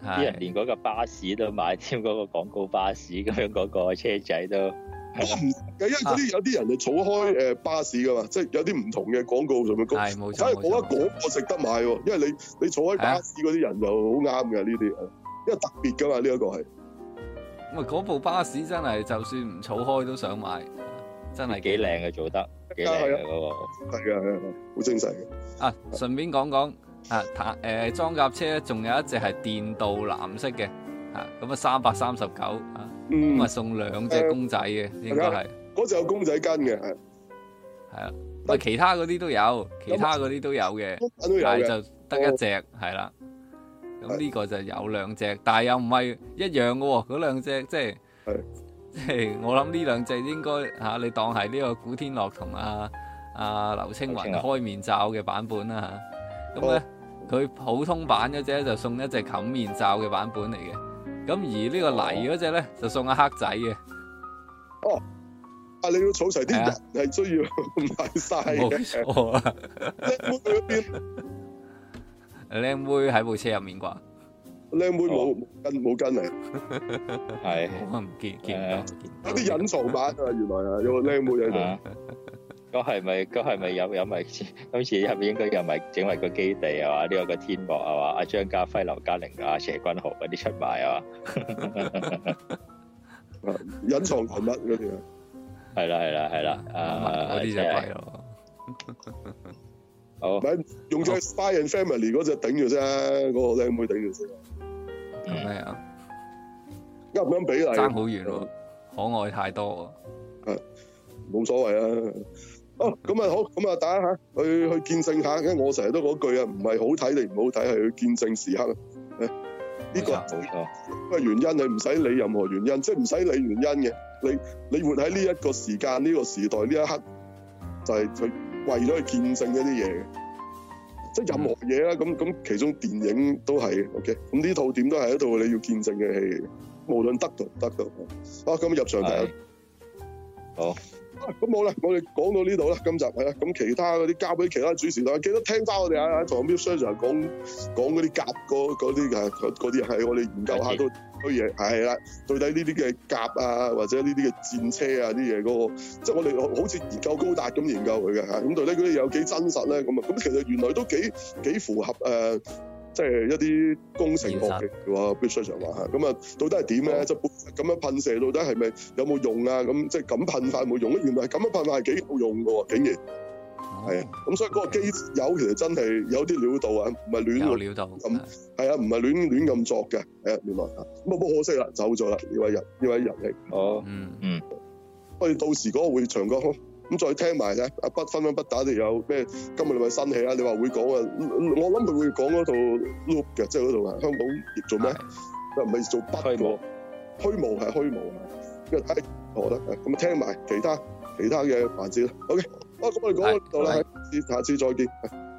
啲人連嗰架巴士都買，添、那、嗰個廣告巴士咁樣嗰個車仔都。的的不因為嗰啲、啊、有啲人就坐開誒巴士噶嘛，即、就、係、是、有啲唔同嘅廣告做咩工？係冇錯。睇下我一嗰個值錯得買喎，因為你你坐開巴士嗰啲人的就好啱嘅呢啲，因為這特別噶嘛呢一個係。嗰部巴士真係，就算唔儲開都想買，真係幾靚嘅做得，幾靚、嗰個，係啊係啊，好精細嘅、啊。啊，順便講講啊，裝甲車仲有一隻係電鍍藍色嘅，吓咁啊三百三十九啊，咁啊、嗯、送兩隻公仔嘅，嗯、應該係嗰有公仔跟嘅，係啊的，喂行，其他嗰啲都有，其他嗰啲都有嘅，嗯、但係就得一隻係啦。哦咁呢個就有兩隻，是但係又唔係一樣嘅喎。嗰兩隻即係即係我諗呢兩隻應該嚇、啊、你當係呢個古天樂同阿阿劉青雲開面罩嘅版本啦嚇。咁咧佢普通版嗰隻就送一隻冚面罩嘅版本嚟嘅，咁而呢個泥嗰隻咧就送阿黑仔嘅。哦、oh. 啊，啊你要儲齊啲人係需要買曬靚妹喺部車入面啩？靚妹冇跟冇跟嚟，係我唔見見唔到，有啲隱藏版啊！原來啊，有個靚妹喺度。嗰係咪？嗰係咪有有咪？今次入面應該有咪整埋個基地啊？嘛，呢個個天幕啊？嘛，阿張家輝、劉嘉玲啊、謝君豪嗰啲出賣啊？隱藏人物嗰啲啊？係啦係啦係啦，啊！嗰啲就貴咯。哦，唔係用隻《Spy and Family》嗰隻頂住啫，嗰個靚妹頂住先。咩啊？啱唔啱比例？爭好遠咯，可愛太多啊！冇所謂啊。哦，咁啊好，咁啊打下去去見證下，因為我成日都嗰句啊，唔係好睇定唔好睇，係去見證時刻。呢個冇錯，因為原因你唔使理任何原因，即係唔使理原因嘅。你你活喺呢一個時間、呢個時代、呢一刻，就係佢。為咗去見證一啲嘢，即係任何嘢啦。咁咁，其中電影都係 OK。咁呢套點都係一套你要見證嘅戲，無論得到唔得到。啊，咁入場嚟。好。咁好啦，我哋講到呢度啦。今集係啦，咁其他嗰啲交俾其他主持啦。記得聽翻我哋啊，同 Milton Sir 講講嗰啲夾嗰啲嘅嗰啲係我哋研究下都嘢係啦，到底呢啲嘅甲啊，或者呢啲嘅戰車啊啲嘢嗰個，即係我哋好似研究高達咁研究佢嘅嚇，咁到底佢哋有幾真實咧？咁啊，咁其實原來都幾幾符合誒，即係一啲工程學嘅話必須上話嚇。咁啊實，咁到底係點咧？就咁樣噴射到底係咪有冇用啊？咁即係咁噴法有冇用咧？原來咁樣噴法係幾有用嘅喎，竟然。係啊，咁所以嗰個機友 Okay. 其實真係有啲料到啊，唔係亂料，到咁係啊，唔係亂亂咁作嘅，係啊，冇可惜啦，走咗啦，呢位人呢位人嚟。哦，嗯嗯，我哋到時嗰個會場個咁再聽埋嘅，阿分分不打就有咩？今日你咪新起啊？你話會講啊？嗯、我諗佢會講嗰度 look 嘅，即係嗰度啊，香港業做咩？又唔係做不嘅，虛無係虛無啊，咁無啊睇，我覺得咁聽埋其他其他嘅環節啦，OK。啊！咁我哋講到呢度啦，的下次再見。的